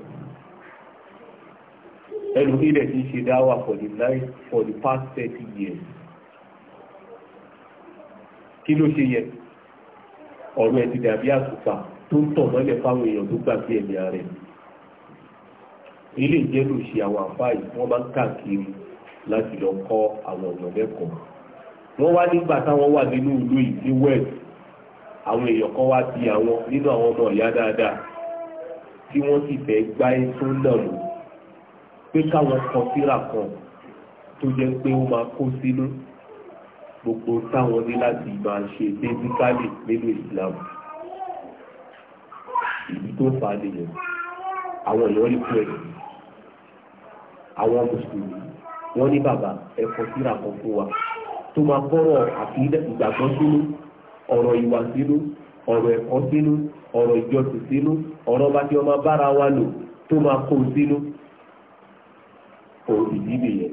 ẹnu nílẹ̀ tí ń ṣe dáwà for the life for the past thirty years kí ló ṣe yẹ ọ̀rọ̀ ẹ̀ ti dàbí àtùpà tó ń tàn mọ́lẹ̀ fáwọn èèyàn tó gbà sí ẹ̀mí ààrẹ ilé ìjẹ́lù ṣe àwọn àfáì wọ́n máa ń káàkiri láti lọ kọ́ àwọn ọ̀nà lẹ́kọ̀ọ́ wọ́n wá nígbà táwọn wà nínú ìlú ìdí west àwọn èèyàn kan wá bí àwọn nínú àwọn ọmọ ìyá dáadáa tí wọ́n sì fẹ́ gbá ẹ̀sùn náà lò pé káwọn kan síra kan tó jẹ́ pé ó máa kó sínú gbogbo táwọn ní láti máa ṣe bẹ́síkálì nínú Islam ìlú tó fà á nìyẹn àwọn èèyàn rí pẹ̀lú àwọn mùsùlùmí wọ́n ní bàbá ẹ̀kọ́ síra kan fún wa tó máa kọ́rọ̀ àti ìgbàgbọ́ sínú. ọ̀rọ̀ ìwà sínú ọ̀rọ̀ ẹ̀kọ́ sínú ọ̀rọ̀ ìjọsìn sínú ọ̀rọ̀ bá tí ọmọ bára wa lò tó máa kó sínú òbí nìyẹn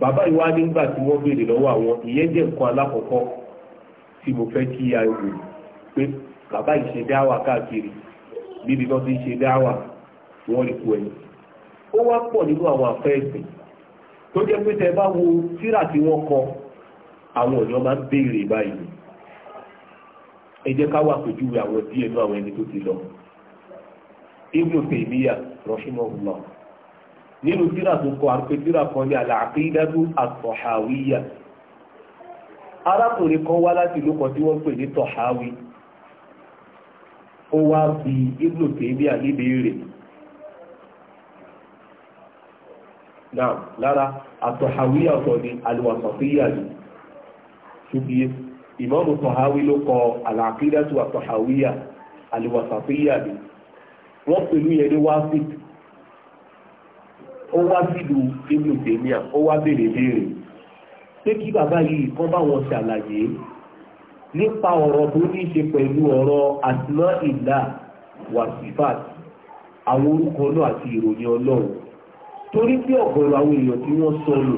bàbá ìwá nígbà tí wọ́n béèrè lọ́wọ́ àwọn ìyẹn jẹ́ nǹkan alákọ̀ọ́kọ́ tí mo fẹ́ kí a wò pé bàbá ìṣe dáwà káàkiri níbi tó ti ṣe dáwà wọ́n lè kú ẹ̀yìn ó wá pọ̀ nínú àwọn tó jẹ́ pé tẹ bá wo kọ àwọn èèyàn máa ń béèrè ẹ jẹ́ ká wà pẹ̀jú àwọn díẹ̀ náà àwọn ẹni tó ti lọ Ibn Taymiyyah rahimahullah nínú tíra tó kọ àrùpé tíra kan ní al-Aqidatu at-Tahawiyyah arákùnrin kan wá láti ìlú kan tí wọ́n pè ní Tahawi ó wá bí Ibn Taymiyyah níbèrè náà lára at ọ̀tọ̀ ni al-Wasatiyyah ni ṣùgbọ́n ìmáàmù tọ̀háwí ló kọ àlàkídàtù àtọ̀háwíyà àlùwàsàfíyà ni wọ́n pẹ̀lú yẹn ní wáfíd ó wá sílùú ibùdó tèmíà ó wá béèrè béèrè pé kí bàbá yìí kán bá wọn ṣàlàyé nípa ọ̀rọ̀ tó ní ṣe pẹ̀lú ọ̀rọ̀ àtìmọ́ ìlà wàsífàt àwọn orúkọ náà àti ìròyìn ọlọ́run torí bí ọ̀gọ̀rọ̀ àwọn èèyàn tí wọ́n sọnù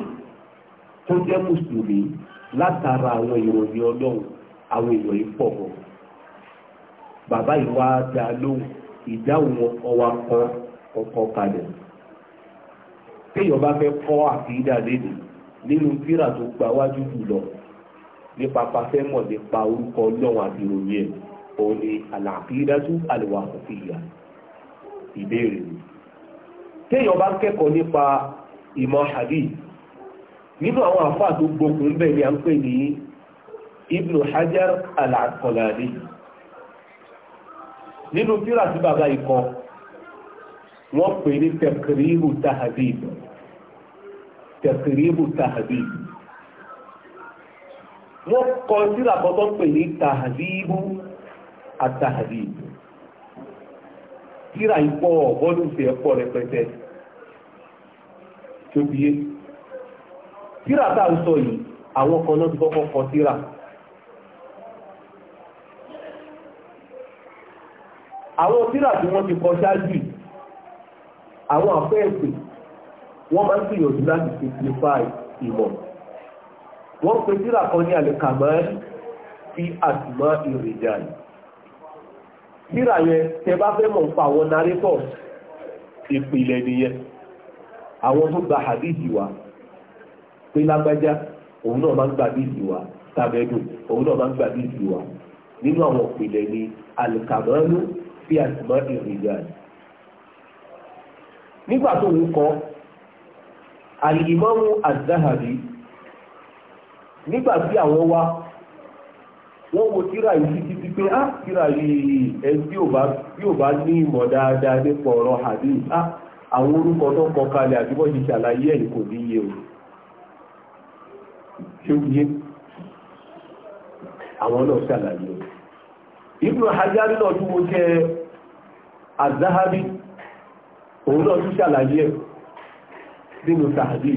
látara àwọn ìròyìn ọlọ́run àwọn èèyàn yìí pọ̀ bọ̀ bàbá yìí wá dá lóhùn ìdáhùn ọwọ́ akọ ọkọ kalẹ̀ téèyàn bá fẹ́ kọ́ àkídà lédè nínú tírà tó gba wájú jùlọ nípa pàfẹ́mọ̀ nípa orúkọ ọlọ́run àti ìròyìn ẹ̀ òun ni àlàkídájú àlèwà àkọsíyà ìbéèrè téèyàn bá kẹ́kọ̀ọ́ nípa ìmọ̀ hadith nínú àwọn àfá tó gbókùn bẹ̀ ni a ń pè ní Ibn Hajar al-Asqalani nínú tírà tí bàbá ikọ wọ́n pè ní tẹ̀kìrìbù tahdhib tẹ̀kìrìbù tahdhib wọ́n kọ tírà kan pè ní tahdhibu at-tahdhib ikọ̀ ọ̀gọ́dún sí ẹ̀kọ́ rẹpẹtẹ tó bíyé tíra tá ń sọ yìí àwọn kan náà ti kọ́kọ́ kọ tíra àwọn tíra tí wọ́n ti kọ ṣáájú àwọn àfẹ́ẹ̀sì wọ́n máa ń gbìyànjú láti simplify ìmọ̀ wọ́n pe tíra kan ní àlèkàmọ́ẹ́lì fi àtìmọ́ ìrìnjà yìí tíra yẹn tẹ bá fẹ́ mọ̀ pa àwọn narrators ìpìlẹ̀ nìyẹn àwọn tó gba hadithi wa pé lágbájá òun náà máa ń gbà bí ìsìwà tàbẹ́dù òun náà máa ń gbà bí ìsìwà nínú àwọn òpìlẹ̀ ni alikamalu fi àtìmọ́ ìrìnà nígbà tó ń kọ́ alìmọ́mù àdáhàbí nígbà tí àwọn wá wọ́n wo tíra yìí títí ah, tí pé á tíra yìí ẹbí ò bá ní ìmọ̀ dáadáa nípa ọ̀rọ̀ hadith á ah, àwọn orúkọ tó kọ kalẹ̀ àti bọ́ọ̀dì ṣàlàyé ẹ̀ kò ní yé o ṣé ó àwọn náà ṣàlàyé o Ibn náà tún mo jẹ́ azahabi òun náà tún ṣàlàyé nínú sàádì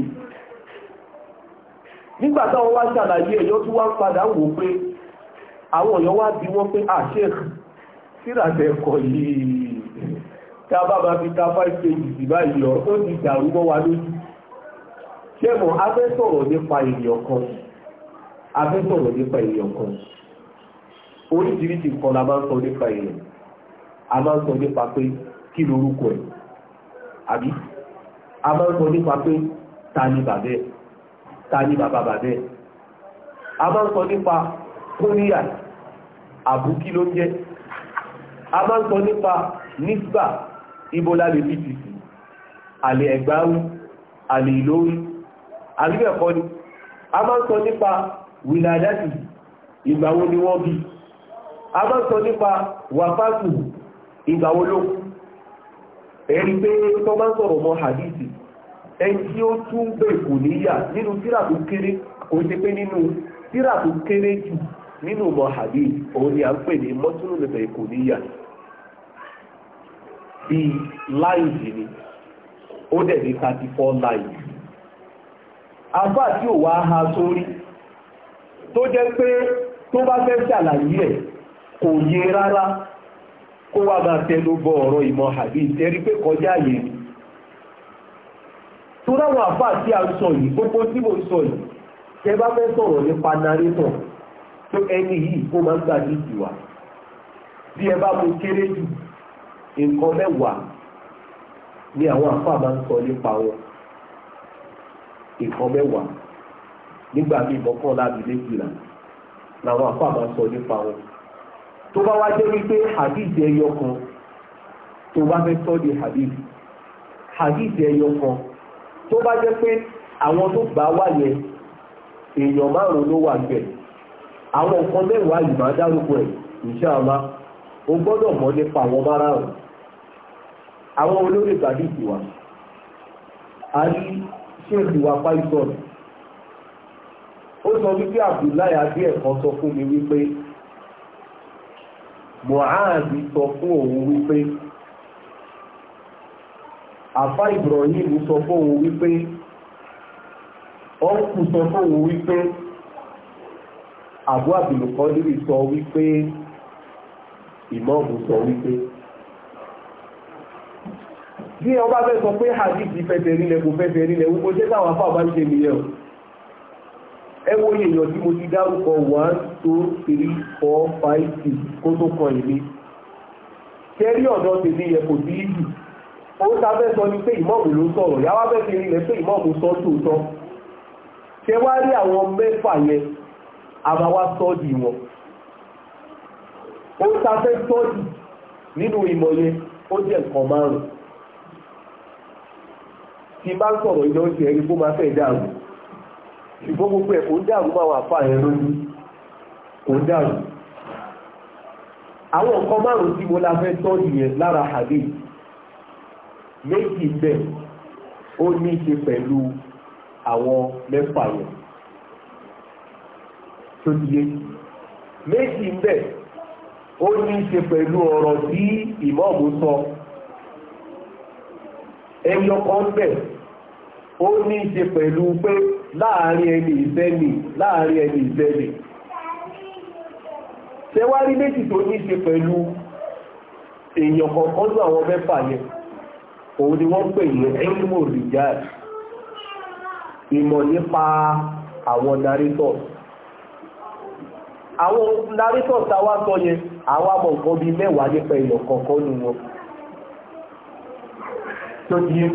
ṣàlàyé ẹ̀yọ́ tún wá padà wò pé àwọn ọ̀yọ́ wá bí wọ́n pé ẹ̀kọ́ yìí ṣé mo abẹ́ sọ̀rọ̀ nípa ènìyàn kan abẹ́ sọ̀rọ̀ nípa ènìyàn kan oríṣiríṣi nǹkan la máa ń sọ nípa ènìyàn a máa ń sọ nípa pé kí lorúkọ ẹ̀ àbí a máa ń sọ nípa pé ta ni bàbá ẹ̀ ta ni bàbá bàbá a máa ń sọ nípa kóríà àbúkí ló jẹ́ a máa ń sọ nípa nígbà ibola lè fi tìsì àlè ẹ̀gbáwú àlè ìlórí àbíbẹ̀ kọ́ ni a máa ń sọ nípa wìlàdátì ìgbàwo ni wọ́n bí a máa ń sọ nípa wàfáàtù ìgbàwo ló ẹ̀rí pé tó máa ń sọ̀rọ̀ mọ́ ẹni tí ó tún bẹ̀ kò níyà nínú tó kéré kò ṣe pé nínú tó kéré jù nínú mọ́ òun ni a ń pè ní mọ́túnú kò níyà àbá tí ò wá ha sórí tó jẹ́ pé tó bá fẹ́ ṣàlàyé ẹ̀ kò yé rárá kó wá máa tẹnu ọ̀rọ̀ ìmọ̀ àbí ìtẹ́rí pé kọjá yẹn ni tó dáwọn tí a sọ yìí gbogbo tí mo sọ yìí tẹ bá fẹ́ sọ̀rọ̀ nípa narétọ̀ tó ẹni yìí kó máa ń gbà ní ìwà bí ẹ bá ni àwọn àbá máa ń sọ nípa wọn nǹkan mẹ́wàá nígbà míì mọ́kànlá àbí méjìlá làwọn àpá máa sọ nípa wọn tó bá wá jẹ́ wípé hadith ẹyọ kan tó bá fẹ́ sọ di hadith hadith ẹyọ kan tó bá jẹ́ pé àwọn tó gbà wá yẹn èèyàn márùn-ún ló wà níbẹ̀ àwọn nǹkan mẹ́wàá yìí máa dárúkọ ẹ̀ inshallah o gbọ́dọ̀ mọ̀ nípa àwọn márùn-ún àwọn olórí ìgbàdí ìwà a ní ṣéèdì wa python ó sọ wípé Abdullahi adé ẹ̀kan sọ fún mi wípé mohamed sọ fún òun wípé àfá Ibrahim sọ fún òun wípé ọ́nkù sọ fún òun wípé àbú àbìlùkọ́dírì sọ wípé ìmọ̀ọ̀bù sọ wípé tí ẹ bá fẹ́ sọ pé hadith fẹ́fẹ́ rílẹ̀ kò fẹ́fẹ́ rílẹ̀ wípé jẹ́ táwọn afá bá ń ṣe nìyẹn ẹ wo iye èèyàn tí mo ti dárúkọ one two three six kó tó kan èmi kẹrí ọ̀dọ́ tèmi yẹ kò sí ìlú ó sábẹ́ sọ ni pé ìmọ̀mù ló sọ̀rọ̀ yàwá fẹ́ fi rílẹ̀ pé ìmọ̀mù sọ tòótọ́ ṣe wá rí àwọn mẹ́fà yẹn àbáwá sọ́ọ̀dì wọn ó sábẹ́ sọ́ọ̀dì nínú ìmọ̀ yẹn ó jẹ́ nǹkan márùn-ún tí bá ń sọ̀rọ̀ ìjọ oṣù ẹni kó máa fẹ́ dàrú ṣùgbọ́n gbogbo ẹ̀ kò ń dàrú máa wà fà ẹ̀ lójú kò ń dàrú àwọn nǹkan márùn tí mo la fẹ́ tọ́ nìyẹn lára àdé méjì bẹ́ẹ̀ ó ní í ṣe pẹ̀lú àwọn mẹ́fà yẹn tó yé méjì bẹ́ẹ̀ ó ní í ṣe pẹ̀lú ọ̀rọ̀ tí ìmọ̀ọ́mù sọ ẹyọ kan bẹ́ẹ̀ ó ní ṣe pẹ̀lú pé láàrin ẹni ìsẹ́ni láàrin ẹni ìsẹ́ni tẹwárí méjì tó ní ṣe pẹ̀lú èèyàn kọ̀ọ̀kan ní àwọn mẹ́fà yẹn òun ni wọ́n pè ní ilmu rijal ìmọ̀ nípa àwọn narrators àwọn yẹn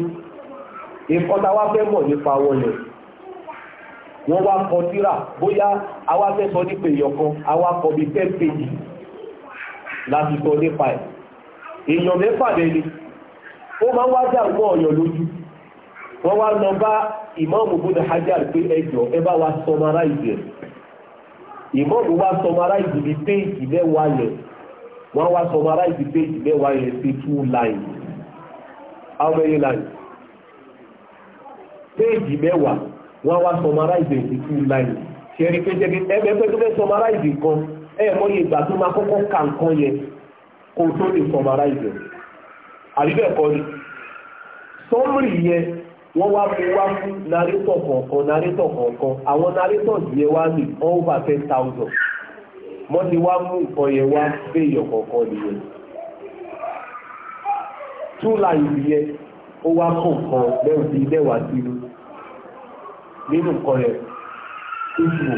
nǹkan tá wá fẹ́ mọ̀ nípa wọlẹ̀ wọ́n wá kọ tírà bóyá awá fẹ́ sọ nípa èèyàn kan awá kọ bí ten page láti sọ nípa ẹ̀ èèyàn mẹ́fà lẹ́ni ó máa ń wá jà mọ́ ọ̀yàn lójú wọ́n wá lọ bá ìmáàmù bóde hajar pé ẹjọ́ ẹ bá wa summarize ẹ̀ ìmáàmù wa summarize bí péèjì mẹ́wàá yẹn wọ́n wá summarize péèjì mẹ́wàá yẹn sí two lines how many lines péèjì mẹ́wàá wọ́n wá summarize in two lines ṣe rí pé jẹ́bi ẹgbẹ́ pé tó fẹ́ ìgbà tó máa kọ́kọ́ kà nǹkan yẹn kò tó lè summarize àríbẹ̀ kọ́ ni yẹn wọ́n wá narrators yẹn wá ní over ten thousand wọ́n ti wá mú nǹkan yẹn wá kọ̀ọ̀kan nìyẹn nínú nǹkan rẹ̀ ìṣù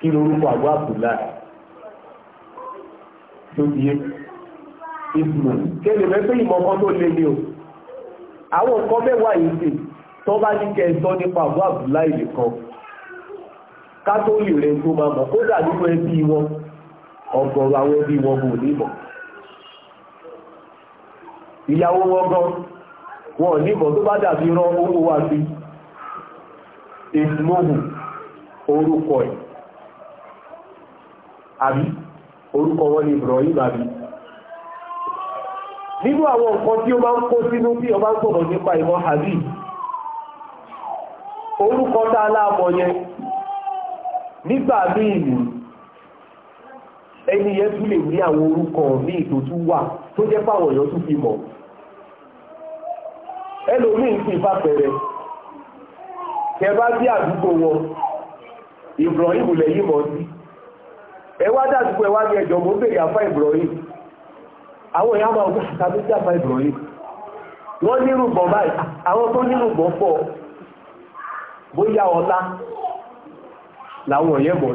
kí lorúkọ àbú àbùlá tó yé ìṣù kéde mẹ́fẹ́ ìmọ̀ tó lé ní o àwọn nǹkan mẹ́wàá yìí sì tó bá ní kẹsọ́ nípa àbú àbùlá ìlú kan kátólì rẹ̀ tó máa mọ̀ kódà nínú ẹbí wọn ọ̀gọ̀rọ̀ àwọn ẹbí wọn kò ní mọ̀ ìyàwó wọn gan wọn ò ní mọ̀ tó bá dàbí rán owó wá sí ìmọ̀hùn orúkọ ẹ̀ àbí orúkọ wọn ni Ibrahim àbí nínú àwọn nǹkan tí ó máa ń kó sínú bí ọba ń sọ̀rọ̀ nípa ìmọ̀ àbí orúkọ tá a láàmọ̀ yẹn nígbà míì nì ẹni yẹn tún lè ní àwọn orúkọ míì tó tún wà tó jẹ́ pàwọn èèyàn tún fi mọ̀ ẹlòmíì fi bá pẹ̀rẹ̀ kẹba bí àdúgbò wọn Ibrahim lẹ́yìn mọ́ sí ẹwà dàdúgbò ẹwà ní ẹjọ mọ́ bèèrè àfá Ibrahim àwọn èèyàn máa wọ́n tàbí sí àfá Ibrahim wọ́n nírù bọ̀ báyìí àwọn tó nírù bọ̀ pọ̀ bóyá ọlá làwọn ọ̀yẹ́ mọ̀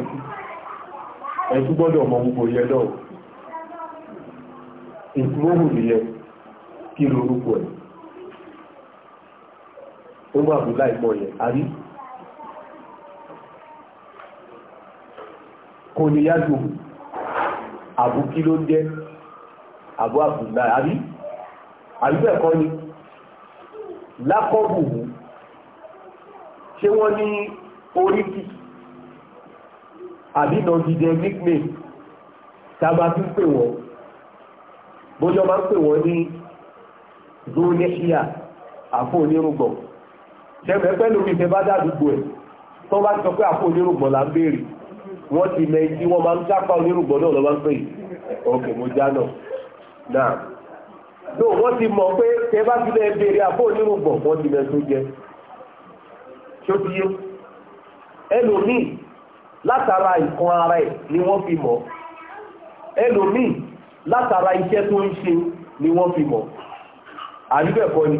sí ẹ̀ ó mú àbúlá ìmọ̀ yẹn àrí kò ní yájú àbú kí ló ń jẹ́ àbú àbúlá àrí àríbẹ̀ kọ́ ni lákọ́bù ṣé wọ́n ní oríkì àbí nà jíjẹ nickname tàbá fi pè wọ́n bójọ́ máa ń pè wọ́n ní zoonesia àfọ́ onírúgbọ̀n ṣẹ̀mẹ̀ pẹ́lú mi ṣe bá dádúgbò ẹ̀ tó bá sọ pé àpò onírùgbọ̀n là ń béèrè wọ́n ti mẹ tí wọ́n máa ń jápa onírùgbọ̀n náà lọ́wọ́ ń pè yìí ọkẹ̀ mo já náà náà tó wọ́n ti mọ̀ pé ṣe bá ti lẹ béèrè àpò onírùgbọ̀n wọ́n ti mẹ tó jẹ tó ti yé ẹlòmíì látara ìkan ara ẹ̀ ni wọ́n fi mọ̀ ẹlòmíì látara iṣẹ́ tó ń ṣe ni wọ́n fi mọ̀ àbíbẹ̀kọ ni.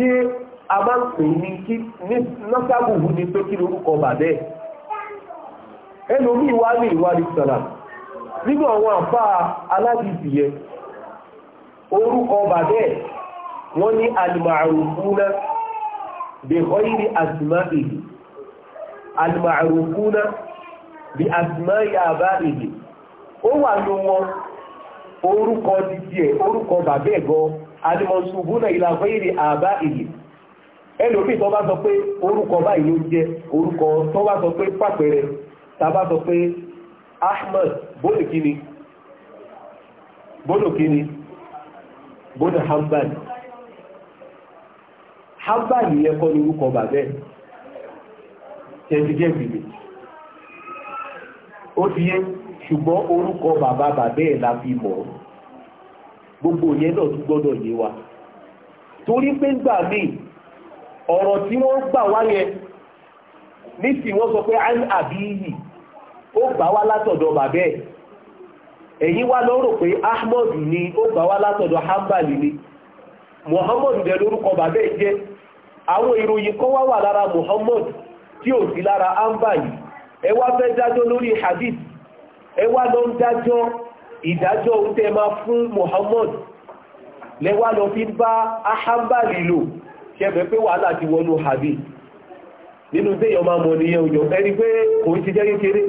ṣé a máa ń pè ní kí ní nọ́sàbùhù ni pé kí lórúkọ bàbẹ́ ẹlòmíì wá ní ìwádìí nínú àwọn yẹ orúkọ bàbẹ́ wọ́n ní alìmàrùkúnà bí ọ́yìnrí àtìmá ìlú alìmàrùkúnà bí àtìmá yàbá ìlú ó wà ní wọn orúkọ ẹ̀ orúkọ alimọ̀sùnbùnà ìlàfẹ́yìrì àbá ìyè ẹlòmí tó bá sọ pé orúkọ báyìí ló jẹ orúkọ tó bá sọ pé pàpẹrẹ tàbá sọ pé Ahmad bónìkíni bónìkíni bónì hambali hambali yẹ kọ́ ní orúkọ bàbẹ́ tẹ́síjẹ́ bìbì ó ti yé ṣùgbọ́n orúkọ bàbá bàbẹ́ la fi mọ̀ ọ́ gbogbo yẹn náà tún gbọ́dọ̀ yé wa torí pé gbà míì ọ̀rọ̀ tí wọ́n gbà wá yẹn nísìnyí wọ́n sọ pé án àbí yìí ó gbà wá látọ̀dọ̀ bàbẹ́ ẹ̀ èyí wá lọ pé ahmad ni ó gbà wá látọ̀dọ̀ hanbali ni muhammad dẹ̀ lórúkọ bàbẹ́ jẹ́ àwọn ìròyìn kan wá wà lára muhammad tí ò sí lára hanbali ẹ wá fẹ́ dájọ́ lórí hadith ẹ lọ ń dájọ́ ìdájọ́ ohun tẹ́ máa fún Muhammad lẹ́wà lọ fi bá ahambali lò ṣẹ́bẹ̀ pé wàhálà ti wọnú habi nínú téèyàn máa mọ̀ nìyẹn òyàn ẹni pé kò ń ṣiṣẹ́ kékeré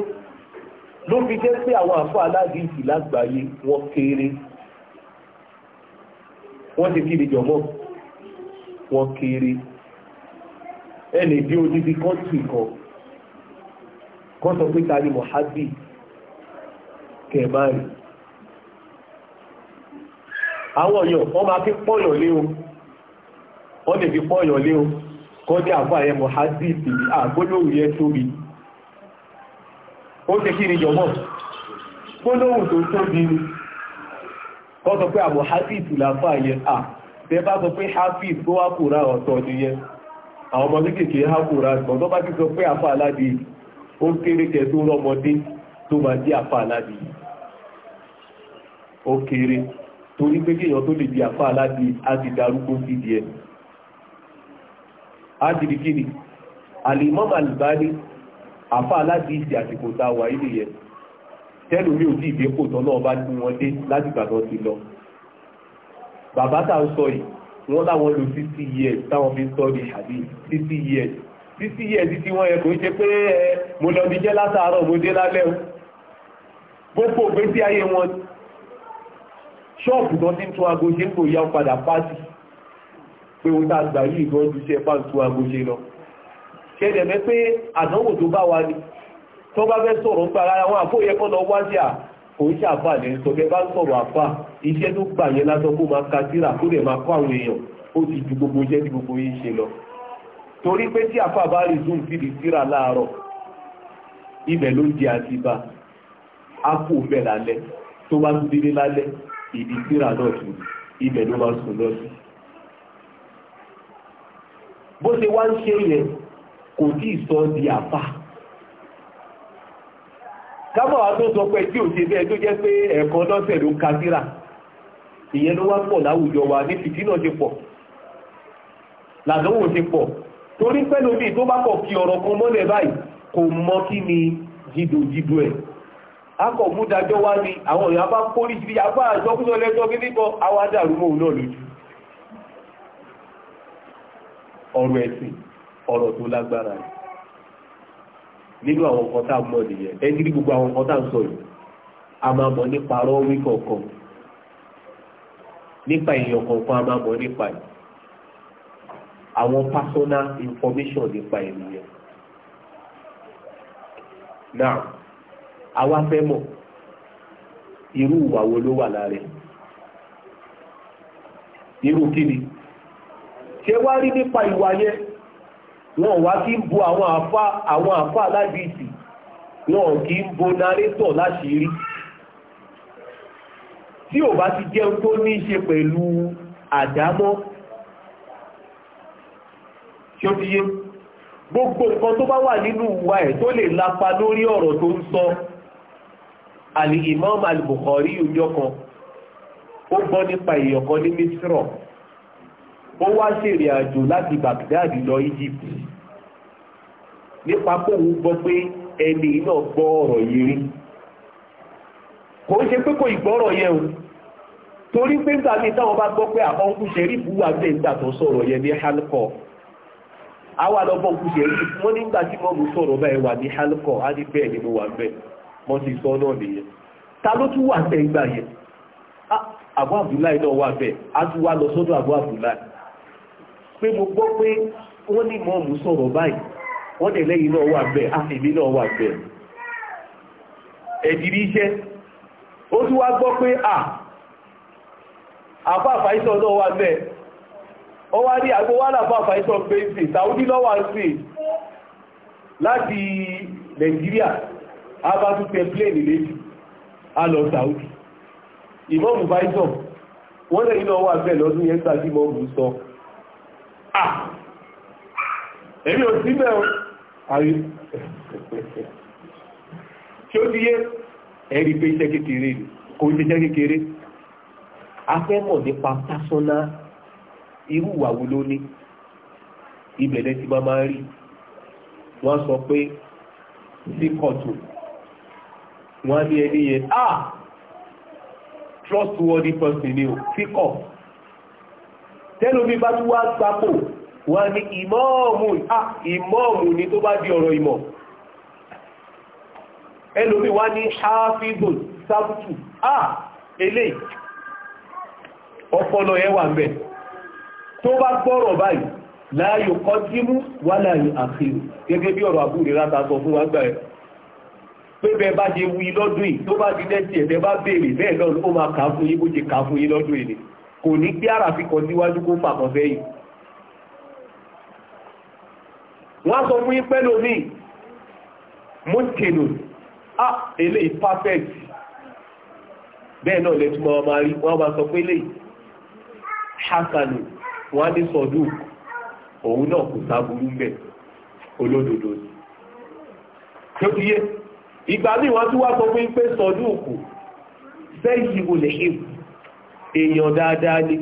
ló fi jẹ́ pé àwọn àfọ aládìsí lágbàáyé wọ́n kéré wọ́n ti kí ni jọ̀mọ́ wọ́n kéré ẹni bí o níbi kọ́ntì kan kọ́ sọ pé ta ni Muhammad kẹ̀máàrin àwọn yọ wọ́n máa fi pọ́yọ̀ lé o wọ́n lè fi pọ́yọ̀ o kọ́ ní àfáàyẹ mọ̀hásìtì àgbólóhùn yẹ tóbi ó ṣe kí ni gbólóhùn tó kọ́ sọ pé à tẹ́ bá sọ pé ha kúrà ṣùgbọ́n tó bá ti sọ tó rọmọdé afọ torí pé kéèyàn tó lè di àfá aláti àti darúgbó sí di ẹ̀ ádìrí kíni alimọ́mà Albani àfá aláti ìsì àsìkò tá a wà ilé yẹn tẹ́lù mi ò tí ìdí kò tán náà bá ní wọn dé láti gbàgbọ́ ti lọ bàbá tá ń sọ yìí wọ́n láwọn lo sixty years táwọn fi ń sọ ní àbí sixty years sixty years tí wọ́n yẹ kò ń ṣe pé mo lọ bí jẹ́ látàárọ̀ mo dé lálẹ́ o gbogbo ògbésí ayé wọn ṣọ́ọ̀pù tó ti ń tún aago ṣe ń kò yá padà pàtì pé ó tàgbà yìí gan ju ṣe bá ń tún aago ṣe lọ ṣẹlẹ̀ mẹ́ pé àdánwò tó bá wa ni tó bá fẹ́ sọ̀rọ̀ ń gba ara wọn àfóyẹ kọ́ lọ wá sí à kò ń ṣàfà lẹ́ sọ bẹ́ di àti bá a kò bẹ̀ lálẹ́ tó bá tún délé lálẹ́ ìdí tíra náà sùn ibẹ̀ ló máa sùn lọ́sùn bó ṣe wá ń ṣe yẹn kò tí ì sọ di àfà kámọ̀ wa tó sọ pé tí ò ṣe bẹ́ẹ̀ tó jẹ́ pé ẹ̀kan lọ́sẹ̀ ló ń ka síra ìyẹn ló wá pọ̀ láwùjọ wa ní fìtí náà ṣe pọ̀ làdánwò ṣe pọ̀ torí pẹ́lú mi tó bá kọ̀ kí ọ̀rọ̀ kan mọ́lẹ̀ báyìí kò mọ kí ni jìdòjìdò ẹ̀ akọ̀ múdájọ́ wá ní àwọn èèyàn bá kórí sí apá àjọkúsọ lẹ́jọ́ gíní kan awádà rúmọ̀ òun náà lójú ọ̀rọ̀ ẹ̀sìn ọ̀rọ̀ tó lágbára nínú àwọn ọkọ̀ tá nìyẹn àwọn personal information nípa ènìyàn Now àwa fẹ́ mọ̀ irú ìwà wo ló wà lára ẹ̀ irú kíni ṣe wá rí nípa ìwà yẹn wọn wá kí ń bo àwọn àfa àwọn àfa alábìsì wọn kì í bo narétọ̀ láṣìírí tí ò bá ti jẹun tó ní í ṣe pẹ̀lú àdámọ́ tí ó ti yé gbogbo nǹkan tó bá wà nínú ìwà ẹ̀ tó lè lapa lórí ọ̀rọ̀ tó ń sọ al-Imam al-Bukhari ọjọ́ kan ó gbọ́ nípa èèyàn kan ní Misrọ̀ ó wá ṣèrìn àjò láti Baghdad lọ Egypt nípa kó òun gbọ́ pé ẹni náà gbọ́ ọ̀rọ̀ yìí rí kò ń ṣe pé kò ìgbọ́rọ̀ yẹn o torí pé nígbà míì táwọn bá gbọ́ pé àkọ́nkú ṣerífù wà bẹ́ẹ̀ nígbà tó sọ̀rọ̀ yẹn ní halkọ́ àwa lọ́bọ̀nkú ṣerífù wọ́n nígbà tí mọ́mú sọ̀rọ̀ báyìí wà ní halkọ́ á ní bẹ́ẹ̀ ni wà bẹ́ẹ̀ mo ti sọ náà nìyẹn ta ló tún wà tẹ́ ìgbà yẹn àbú àbúláì náà wà bẹ́ẹ̀ a tún wá lọ sọ́dọ̀ àbú àbúláì pé mo gbọ́ pé wọ́n ní mọ́ọ̀mù sọ̀rọ̀ báyìí wọ́n dẹ̀ lẹ́yìn náà wà bẹ́ẹ̀ àfìmí náà wà bẹ́ẹ̀ ẹ̀dìrí iṣẹ́ ó tún wá gbọ́ pé à àbá àfàìsọ̀ náà wà bẹ́ẹ̀ ọ wá rí àgbó wà láàbá àfàìsọ̀ pé ń sè sàúdí lọ́wọ́ ń sè láti nàìjíríà a bá tún tẹ pléènì léjì a lọ Saudi ìmọ̀mù báyìí wọ́n lẹ́yìn náà wà bẹ́ẹ̀ lọ́dún yẹn gbà tí mọ́mù sọ èmi ò sí mẹ́rin àrí tí ó ti yé ẹ̀rí pé iṣẹ́ kékeré kò ń ṣiṣẹ́ kékeré a fẹ́ mọ̀ nípa pásọ́nà irú ìwà wo ló ní ìbẹ̀rẹ̀ tí máa máa rí wọ́n sọ pé síkọ̀tù wọ́n ní ẹni yẹn ah trustworthy person ni o fíkọ̀ tẹ́lómi bá tún wá gbapò wọ́n ní ìmọ̀ọ̀mù ah ìmọ̀ọ̀mù ni tó bá di ọ̀rọ̀ ìmọ̀ ẹlòmí wá ní ṣáfíbùn sábùtù ah eléyìí ọpọlọ yẹn wà ńbẹ̀ tó bá gbọ́rọ̀ báyìí láàyò kọjímú wà láàyò àfihàn gẹ́gẹ́ bí ọ̀rọ̀ àbúrẹ́ látà sọ fún wa gbà ẹ̀ pé bẹ́ẹ̀ bá ṣe wí lọ́dún yìí tó bá di lẹ́sì ẹ̀ bẹ́ẹ̀ bá béèrè bẹ́ẹ̀ náà ó máa kà á fún yín bó ṣe kà á fún yín lọ́dún yìí kò ní gbé àràfi kan síwájú kó fà kan sẹ́yìn wọ́n á sọ fún yín pẹ́lú mi mo á eléyìí perfect bẹ́ẹ̀ náà lẹ́tùmọ̀ ọmọ rí wọ́n máa sọ pé eléyìí hasanu wọ́n á ní sọdún òun náà kò sáburú ń bẹ̀ olódodo ni tó ti yé ìgbà míì wọ́n tún wá sọ fún pé sọdúùkù sẹ́yìn ìwòlè ìwò èèyàn dáadáa ni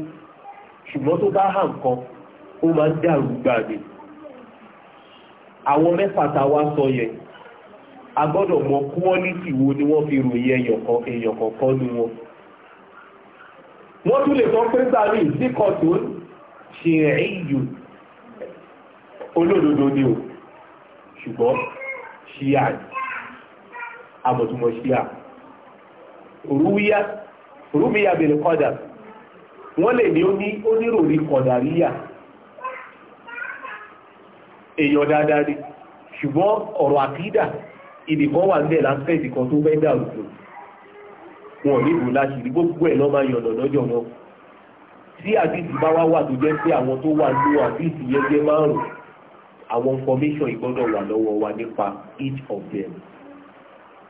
ṣùgbọ́n tó bá hàn nǹkan ó máa ń dàrú gbà ni àwọn mẹ́fà tá wá sọ yẹn a gbọ́dọ̀ mọ kúọ́lítì wo ni wọ́n fi ròyìn èèyàn kọ̀ọ̀kan nu wọn wọ́n tún lè sọ pé sáré àmọ̀túnmọ̀ a rúbíyà bèèrè kọ́dà wọ́n lè ní oníròrí kọ̀dàríyà èèyàn dáadáa ni ṣùgbọ́n ọ̀rọ̀ àkídà ibìkan wà nílẹ̀ láńpẹ́ẹ̀sì kan tó fẹ́ dà òjò wọn ò nílùú láti rí gbogbo ẹ̀ lọ́ọ́ máa lọ́jọ́ náà tí àdìsí bá wá wà tó jẹ́ pé àwọn tó wà ní àdìsí yẹn jẹ́ márùn-ún àwọn ìgbọ́dọ̀ wà lọ́wọ́ wa nípa each of them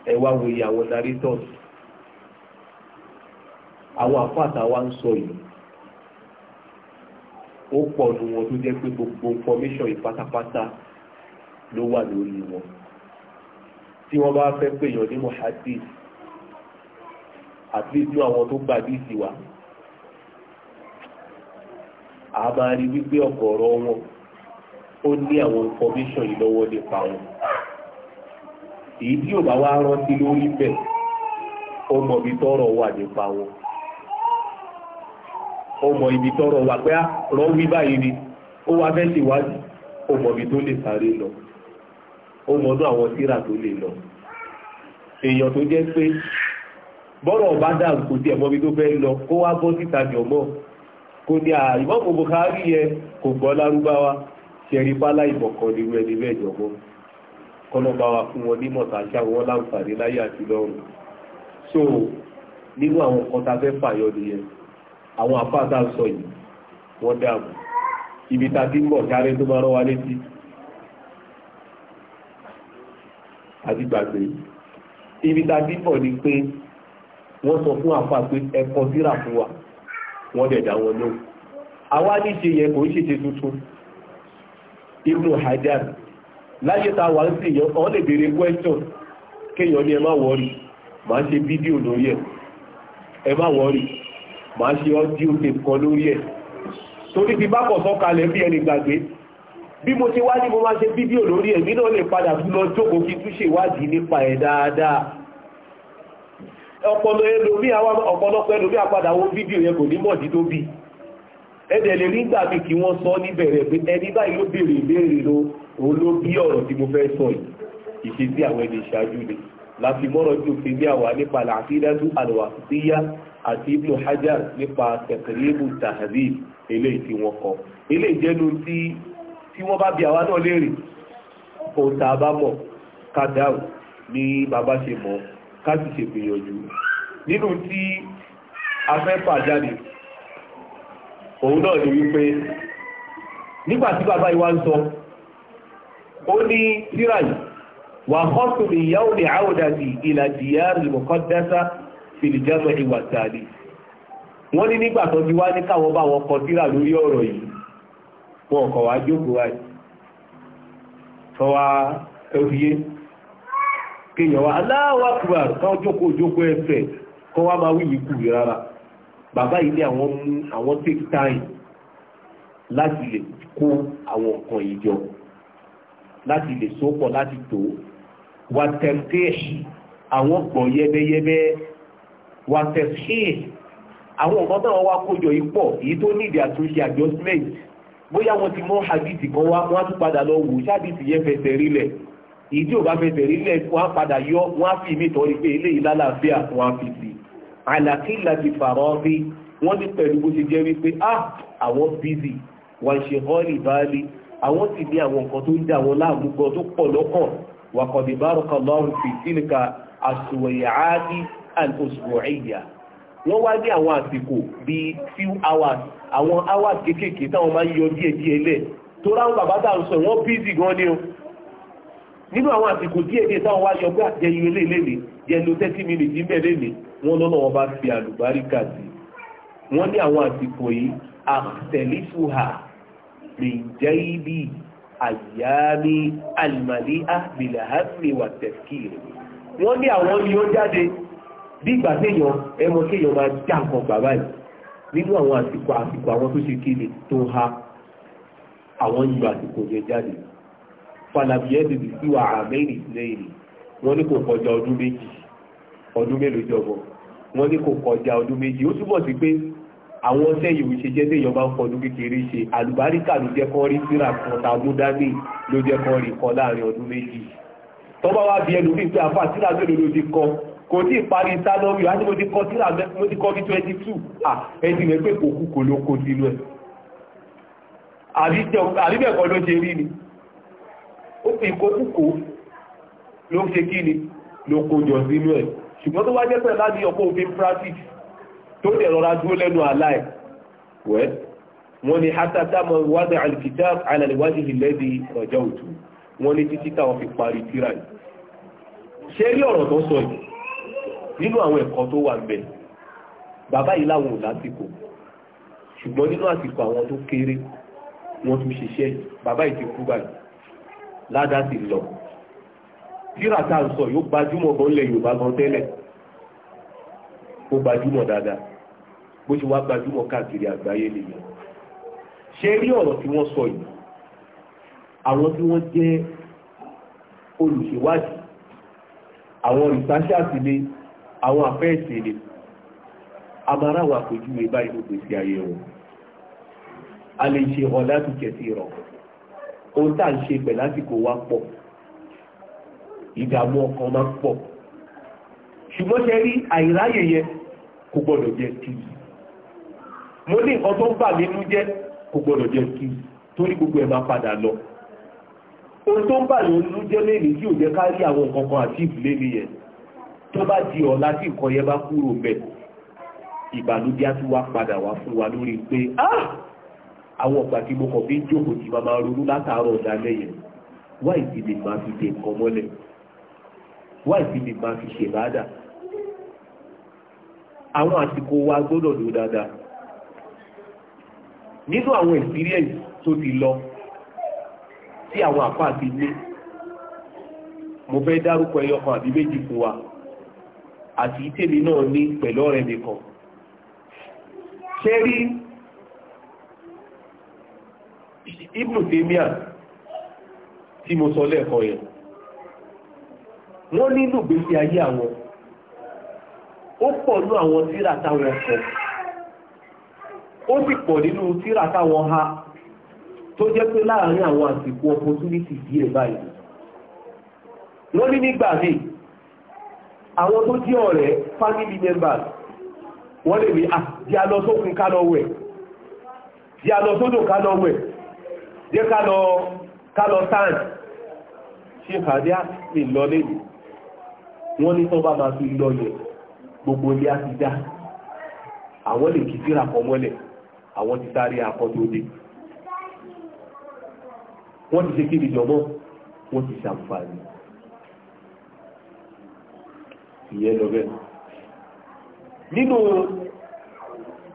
ẹ wá wo iye àwọn narrators àwọn àfáàtà wa ń sọ yìí ó pọ̀ nù wọn tó jẹ́ pé gbogbo information yìí pátápátá ló wà lórí wọn tí wọ́n bá fẹ́ pèèyàn ní mohadis àti àwọn tó gba díìsì wa a máa rí wípé ọ̀gọ̀ọ̀rọ̀ wọn ó ní àwọn information yìí lọ́wọ́ nípa wọn èyí tí ò bá wá rántí lórí bẹ̀ ó mọ ibi tọ́rọ̀ wà nípa wọn ó mọ ibi tọ́rọ̀ wà pé ah, rọ́wí báyìí ni ó wá fẹ́ ṣèwádìí ó mọ ibi tó lè sáré lọ ó mọdún àwọn tíra tó lè lọ èèyàn tó jẹ́ pé bọ́rọ̀ ọba dáàbò kò tiẹ̀ mọbi tó fẹ́ lọ kó wá bọ́ síta jọ̀mọ́ kò ní àìmọ́ kò bọ̀ yẹ kò gbọ́ lárúbáwá ṣẹ̀rí pálá ìbọ̀kan nírú bẹ́ẹ̀ jọ̀mọ́ kọ́nà bá wa fún wọn ní mọ̀tàṣà wọn láǹfààní láyé àti lọ́rùn so nínú àwọn kọta fẹ́ fàyọ nìyẹn àwọn àfáàtà sọ yìí wọ́n dáàbò ibi tá ti ń bọ̀ tó máa rán wa létí àti gbàgbé ibi ni pé wọ́n sọ fún pé ẹ̀kọ́ síra fún wa wọ́n wọn àwa níṣe yẹn kò ń tuntun Ibnu Hajar láyé ta wà ń sì yàn ọ́ lè béèrè question kéèyàn ní ẹ má wọ́ọ̀rì máa ṣe fídíò lórí ẹ̀ ẹ má wọ́ọ̀rì máa ṣe audio tape kan lórí ẹ̀ torí ti bá kọ̀ sọ́kalẹ̀ bí ẹni gbàgbé bí mo ti wá ní mo máa ṣe fídíò lórí ẹ̀mí náà lè padà tún lọ jókòó kí tún ṣèwádìí nípa ẹ̀ dáadáa ọpọlọ ẹlòmí àwọn ọ̀pọ̀lọpọ̀ ẹlòmí àpadà wo fídíò yẹn kò ní mọ̀dí tó bí ẹ̀dẹ̀ lè rí gbàgbé kí wọ́n sọ níbẹ̀rẹ̀ pé ẹni báyìí ló béèrè ìbéèrè lọ òun ló bí ọ̀rọ̀ tí mo fẹ́ sọ yìí ìṣesí àwọn ẹni ìṣáájú ni láti mọ́rọ̀ tí òfin bí àwa nípa làkídájú àlùwàsíyá àti ibnu hajar nípa tẹ̀kẹ̀lébù tahzib eléyìí tí wọ́n kọ eléyìí jẹ́nu tí tí wọ́n bá bí àwa náà léèrè ohun tá a bá mọ̀ ká dáhùn ní bàbá ṣe mọ̀ ká sì ṣe gbìyànjú nínú tí a fẹ́ fà jáde òun náà ni wípé nígbà tí bàbá yìí wá ń sọ ó ní tíra yìí wà kọ́sù lè yá ò lè àwòdà sí ìlà jìyà rìmọ̀kọ́dásá fìlìjẹ́mọ̀ ìwà tààlì wọ́n ní nígbà tó ti wá ní káwọn bá wọn kọ tíra lórí ọ̀rọ̀ yìí wọn kọ̀ wá jókòó wáyé tọ́wá ẹ̀fíyé kéèyàn wá Allahu Akbar kan jókòó jókòó ẹ̀fẹ̀ kọ́ wá máa wíyí kù rárá bàbá yìí ní àwọn mú àwọn take time láti lè kó àwọn nǹkan ìjọ láti lè sópọ̀ láti tó wà tẹ̀kíṣì àwọn pọ̀ yẹ́bẹ́yẹ́bẹ́ wà tẹ̀kíṣì àwọn ọ̀kan náà wá kójọ ipọ̀ èyí tó ní ìdí àtúnṣe adjustment bóyá wọ́n ti mọ́ hadith kan wá wọ́n á tún padà lọ wò ṣáàdìsì yẹn fẹsẹ̀ rílẹ̀ èyí tí ò bá fẹsẹ̀ rílẹ̀ wọ́n á padà yọ wọ́n á fi mí tọ́rí pé eléyìí lálàáfíà wọ́n á fi sí àlàkílà ti fàrọ́ rí wọ́n ní pẹ̀lú bó ṣe jẹ́ wípé ah àwọn busy wà ṣe họ́ọ̀lì báálí àwọn sì ní àwọn nǹkan tó ń dá àwọn láàmú gan tó pọ̀ lọ́kàn wàkọ̀dì bárọ̀kà lọ́rùn fi sílìkà àsùwẹ̀yàáàdì and òṣùwẹ̀yà wọ́n wá ní àwọn àsìkò bíi few hours àwọn hours kéékèèké táwọn máa ń yọ díẹ̀ díẹ̀ lẹ̀ tó ráhùn bàbá tá à ń sọ wọ́n bíìsì gan ni o nínú àwọn àsìkò díẹ̀ díẹ̀ táwọn wá yọ pé àjẹyìn ilé ìlélẹ̀ thirty minutes ní mẹ́lẹ́lẹ̀ wọ́n lọ́nà wọn bá fi àlùbáríkà sí wọ́n ní àwọn àsìkò yìí àtẹ̀lífù hà لجيب أيام المليئة بالهم والتفكير wọ́n ní àwọn ni ó jáde bí ìgbà téèyàn ẹmọ kéèyàn máa já nǹkan bàbá yìí nínú àwọn àsìkò àsìkò àwọn tó ṣe kéde tó ń ha àwọn yìí àsìkò yẹn jáde falabiyẹ bèbè sí wa àmẹ́rì lẹ́yìn wọ́n ní kò kọjá ọdún méjì ọdún mélòó jọ̀bọ̀ àwọn ọ̀sẹ̀ yìí ṣe jẹ́ déèyàn bá ń fọdún kékeré ṣe àlùbáríkà ló jẹ́ kọ́ rí síra kan ta múdání ló jẹ́ kọ́ rí kan láàrin ọdún méjì tọ́ba wá bí ẹnu wípé àfa síra mélòó ló ti kọ kò tí ì parí sálọ́rì á ní mo ti kọ síra mo ti kọ bí twenty two à ẹni rẹ pé kò kú kò ló kó sínú ẹ àríbẹ̀kọ ló ṣe rí ni ó fi ìkókùkò ló ṣe kí ni ló kó jọ sínú ẹ ṣùgbọ́n tó wá jẹ́ pẹ̀lú láti ọkọ̀ òfin practice tó dẹ̀ rọra dúró lẹ́nu àlá ẹ̀ wẹ́ wọ́n ní hátátá mọ wádà àlìkìtá àlàlìwádìí ìlẹ́dì ọjà òtù wọ́n ní títí táwọn fi parí tíra yìí ṣé rí ọ̀rọ̀ tó sọ yìí nínú àwọn ẹ̀kọ́ tó wà ńbẹ̀ bàbá yìí láwọn ò lásìkò ṣùgbọ́n nínú àsìkò àwọn tó kéré wọ́n tún ṣiṣẹ́ bàbá yìí ti kú báyìí ládàá sì lọ tíra tá à sọ yóò gbajúmọ̀ gan lẹ̀ Yorùbá bó ṣe wá gbajúmọ̀ káàkiri àgbáyé nìyẹn ṣe rí ọ̀rọ̀ tí wọ́n sọ yìí àwọn tí wọ́n jẹ́ olùṣèwádìí àwọn rìsáṣáàsì ni àwọn àfẹ́ẹ̀sì ni a máa ráwọn àpèjúwe báyìí ló pèsè ayé wọn a lè ṣe ọ̀lá tó kẹsì rọ̀ ohun tá à ń ṣe pẹ̀ lásìkò wa pọ̀ ìdààmú ọkàn máa ń pọ̀ ṣùgbọ́n ṣe rí àìráyè yẹn kò gbọ́dọ̀ jẹ́ excuse mo ní nǹkan tó ń bà nínú jẹ́ kò gbọ́dọ̀ jẹ́ kí torí gbogbo ẹ̀ máa padà lọ ohun tó ń bà nínú jẹ́ lẹ́ni tí ò jẹ́ ká rí àwọn nǹkan kan àti ìbílẹ̀ nìyẹn tó bá di ọ̀la tí nǹkan yẹn bá kúrò mẹ́ ìbànújẹ́ á tún wá padà wá fún wa lórí pé ah! àwọn ọ̀gbà tí mo kàn fi ń jókòó tí màmá ronú látàárọ̀ ọ̀dálẹ́ yẹn wá ìsinmi máa fi dé nǹkan mọ́lẹ̀ wá ìsinmi máa fi ṣèbádà àwọn àsìkò wa gbọ́dọ̀ lò dáadáa nínú àwọn experience tó ti lọ tí àwọn àpá àti ilé mo fẹ́ dárúkọ ẹyọ kan àbí méjì fún wa àti ìtèmi náà ní pẹ̀lú ọ̀rẹ́ mi kan ṣe rí ibùn tèmíà tí mo sọ lẹ́ẹ̀kan yẹn wọ́n nínú gbèsè ayé àwọn ó pọ̀ ní àwọn tíra táwọn ọkọ̀ ó sì pọ̀ nínú tíra táwọn ha tó jẹ́ pé láàárín àwọn àsìkò opportunity díẹ̀ báyìí wọ́n ní nígbà míì àwọn tó jẹ́ ọ̀rẹ́ family members wọ́n lè ní àti ah, a lọ sókun ká lọ wẹ̀ jẹ́ a lọ sódò ká lọ wẹ̀ jẹ́ ká lọ tán ṣe kàdé àti lọ lèdè wọ́n ní tán máa fi lọ yẹ gbogbo ilé á dá àwọn lè kìí síra kọ mọ́lẹ̀ àwọn ti sáré akọ tó dé wọ́n ti ṣe kí ìjọmọ́ wọ́n ti ṣàǹfààní ìyẹn lọ́bẹ̀ nínú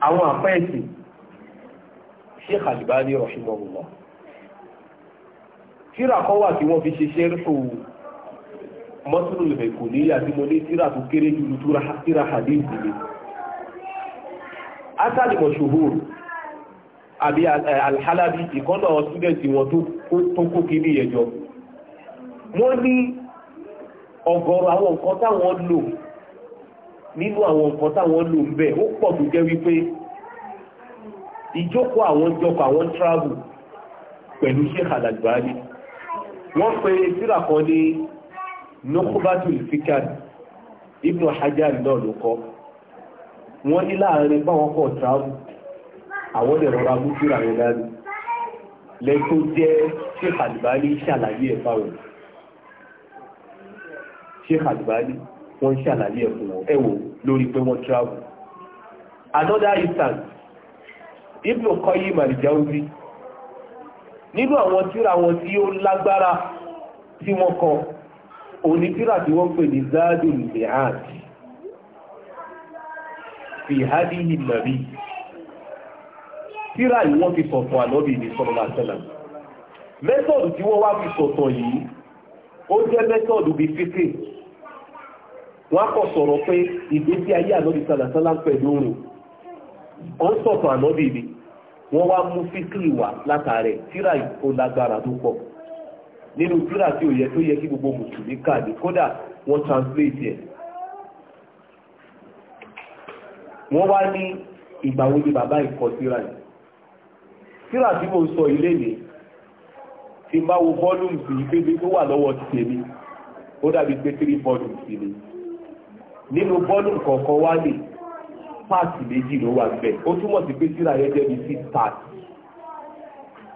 àwọn àfẹ́ẹ̀sì Sheikh Albani rahimahullah tíra kan wà tí wọ́n fi ṣe ṣẹ́rìkù mọ́túnù ìfẹ̀kù ní àti mo ní tíra tó kéré jùlọ tíra hadith nílé asálìmọ̀ ṣòhóòrò àbí eh, alhalabi ìkọ́nà ṣúdẹ̀ntì wọn tó kó kiri ẹjọ wọ́n ní ọ̀gọ̀rọ̀ àwọn nǹkan táwọn lò nínú àwọn nǹkan táwọn lò ń bẹ̀ ó pọ̀ tó jẹ́ wípé ìjókòó àwọn jọkọ̀ àwọn travel pẹ̀lú Sheikh Al-Albani wọ́n pe síra kan ní nukhbatul fikad Ibn Hajar náà ló kọ́ wọ́n ní láàrin báwọn kọ̀ travel àwọn ẹ̀rọ ra gúúsùrà yẹn dání lẹ́yìn tó jẹ́ Sheikh Albani ṣàlàyé ẹ̀ fáwọn Sheikh Albani wọ́n ṣàlàyé ẹ̀ fún wọn ẹ wò lórí pé wọ́n travel another instance Ibn Qayyim al-Jawzi nínú àwọn tíra wọn tí ó lágbára tí wọ́n kọ òní tíra tí wọ́n pè ní Zadul Mi'ad fi hadihi nabi tíra ìwọ́n ti fi sọ̀tàn ànábì ní sọ́lọ́lá sẹ́lẹ̀ mẹ́tọ̀dù tí wọ́n wá fi sọ̀tàn yìí ó jẹ́ mẹ́tọ̀dù bíi fífì wọ́n á kọ̀ sọ̀rọ̀ pé ìgbésí ayé ànábì sọ́lọ́lá sẹ́lẹ̀ pẹ̀lú òrùn ó ń ni wọ́n wá mú Fikiri wà látàrẹ̀ tíra yìí ó lágbára tó pọ̀ nínú tíra tí ó yẹ tó yẹ kí gbogbo tíra tí mo sọ ilé mi tí bá wo volumes yìí pé tó wà lọ́wọ́ ti tèmi ó dàbí pé three volumes ni nínú volume kọ̀ọ̀kan wá lè páàtì méjì ló wà bẹ́ẹ̀ ó túmọ̀ sí pé tíra yẹn jẹ́ bí six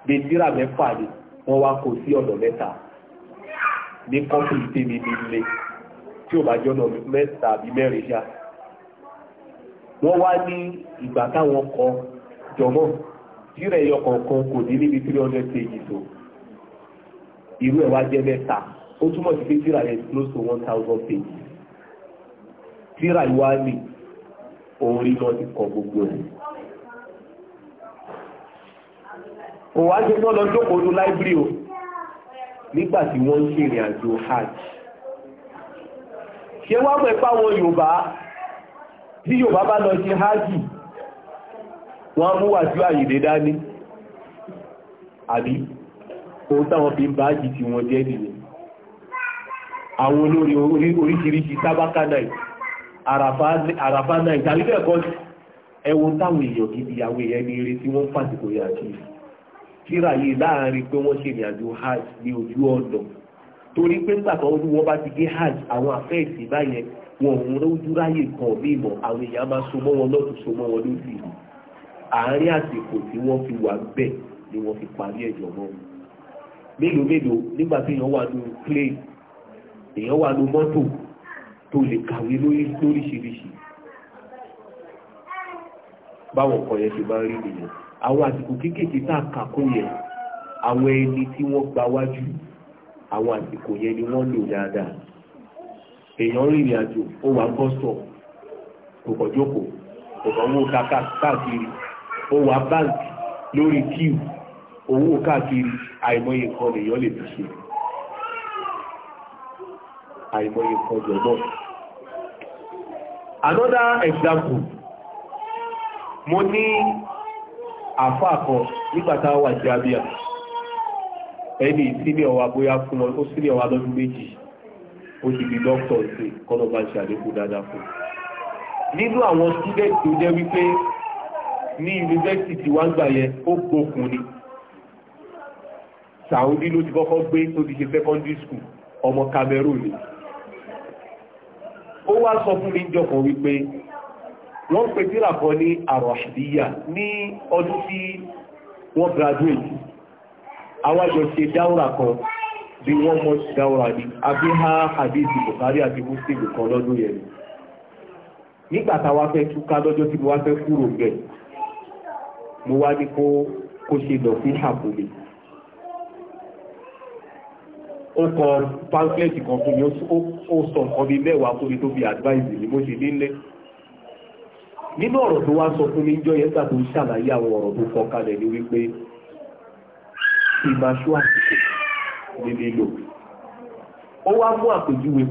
bí tíra mẹ́fà ni wọ́n wá kó sí ọ̀nà mẹ́ta ní kọ́pì tèmi nílé tí ò bá jọ́nà mẹ́ta àbí mẹ́rin ṣá wọ́n wá ní ìgbà táwọn kọ jọmọ́ tíra ẹyọ kọ̀ọ̀kan kò dín níbi three hundred pages o irú ẹ̀ wá jẹ́ mẹ́ta ó túmọ̀ sí pé tíra yẹn close to one thousand pages tíra ìwádìí òun rí náà ti kọ gbogbo ẹ̀. òun á ṣe tán lọ jókòó ní láìbírì o nígbà tí wọ́n ń ṣe ìrìn àjò hajj ṣé wàá mọ̀ ẹ́ pàwọn yorùbá tí yorùbá bá lọ ṣe hajj wọ́n mú wàjú àyìnlé dání àbí ohun táwọn fi ń bá jì tí wọ́n jẹ́ nìyẹn àwọn olórí oríṣiríṣi sábákà náà àràfà náà tàbí bẹ́ẹ̀ ẹwọ́n táwọn èèyàn gidi àwọn èèyàn ní eré tí wọ́n fàtìkò yà kíra yìí láàárín pé wọ́n ṣe ìrìnàjò hajj ní ojú ọ̀nà hajj wọn àárín àsìkò tí wọ́n fi wà bẹ́ẹ̀ ni wọ́n fi parí ẹ̀jọ̀ mọ́ wọn mélòó mélòó nígbà tí èèyàn wà ní plane èèyàn wà ní mọ́tò tó lè kàwé lóríṣiríṣi báwọn kan yẹn ṣe máa rí nìyẹn àwọn àsìkò kéékèèké tá a kà kún yẹn àwọn ẹni tí wọ́n gba wájú àwọn àsìkò yẹn ni wọ́n lò dáadáa èèyàn rìnrìn àjò ó wà ń bọ́ sọ̀ kò kò kọ̀ wó káàkiri ó wà báńkì lórí kíù owó káàkiri àìmọye kan lèyàn lè fi ṣe àìmọye kan jọ̀gbọ́n another example mo ní àfáà kan nígbàtà wà jábíà ẹni ìsílẹ̀ ọwà bóyá fún ọ sílẹ̀ ọwà lọ́dún méjì ó ti di dókítà ṣe kọ́nà bá ṣe àdékù dáadáa fún nínú àwọn student tó jẹ́ wípé ní yunifásitì wá ń gbà yẹn ó gbókun ni Saudi ló ti kọ́kọ́ gbé tó ti ṣe secondary school ọmọ Cameroon ni ó wá sọ fún mi jọkàn wípé wọ́n kan ní àròṣìdíyà ní ọdún tí wọ́n graduate àwọn àjọ ṣe kan bí wọ́n mọ́ dáúrà ní abíhá àdíjì Bukhari àti Muslim kan lọ́dún yẹn nígbà táwa fẹ́ túká lọ́jọ́ tí mo mo wá ní kó kó ṣe lọ àbúlé ó kọ pamphlet kan fún mi ó sọ nǹkan mẹ́wàá fún mi tó fi advice mi mo ṣe nílé nínú ọ̀rọ̀ tó wá sọ fún mi jọ yẹn tàbí ṣàlàyé àwọn ọ̀rọ̀ tó kọ kalẹ̀ ní wípé kí máa ṣó ní lílò ó wá mú àpèjúwe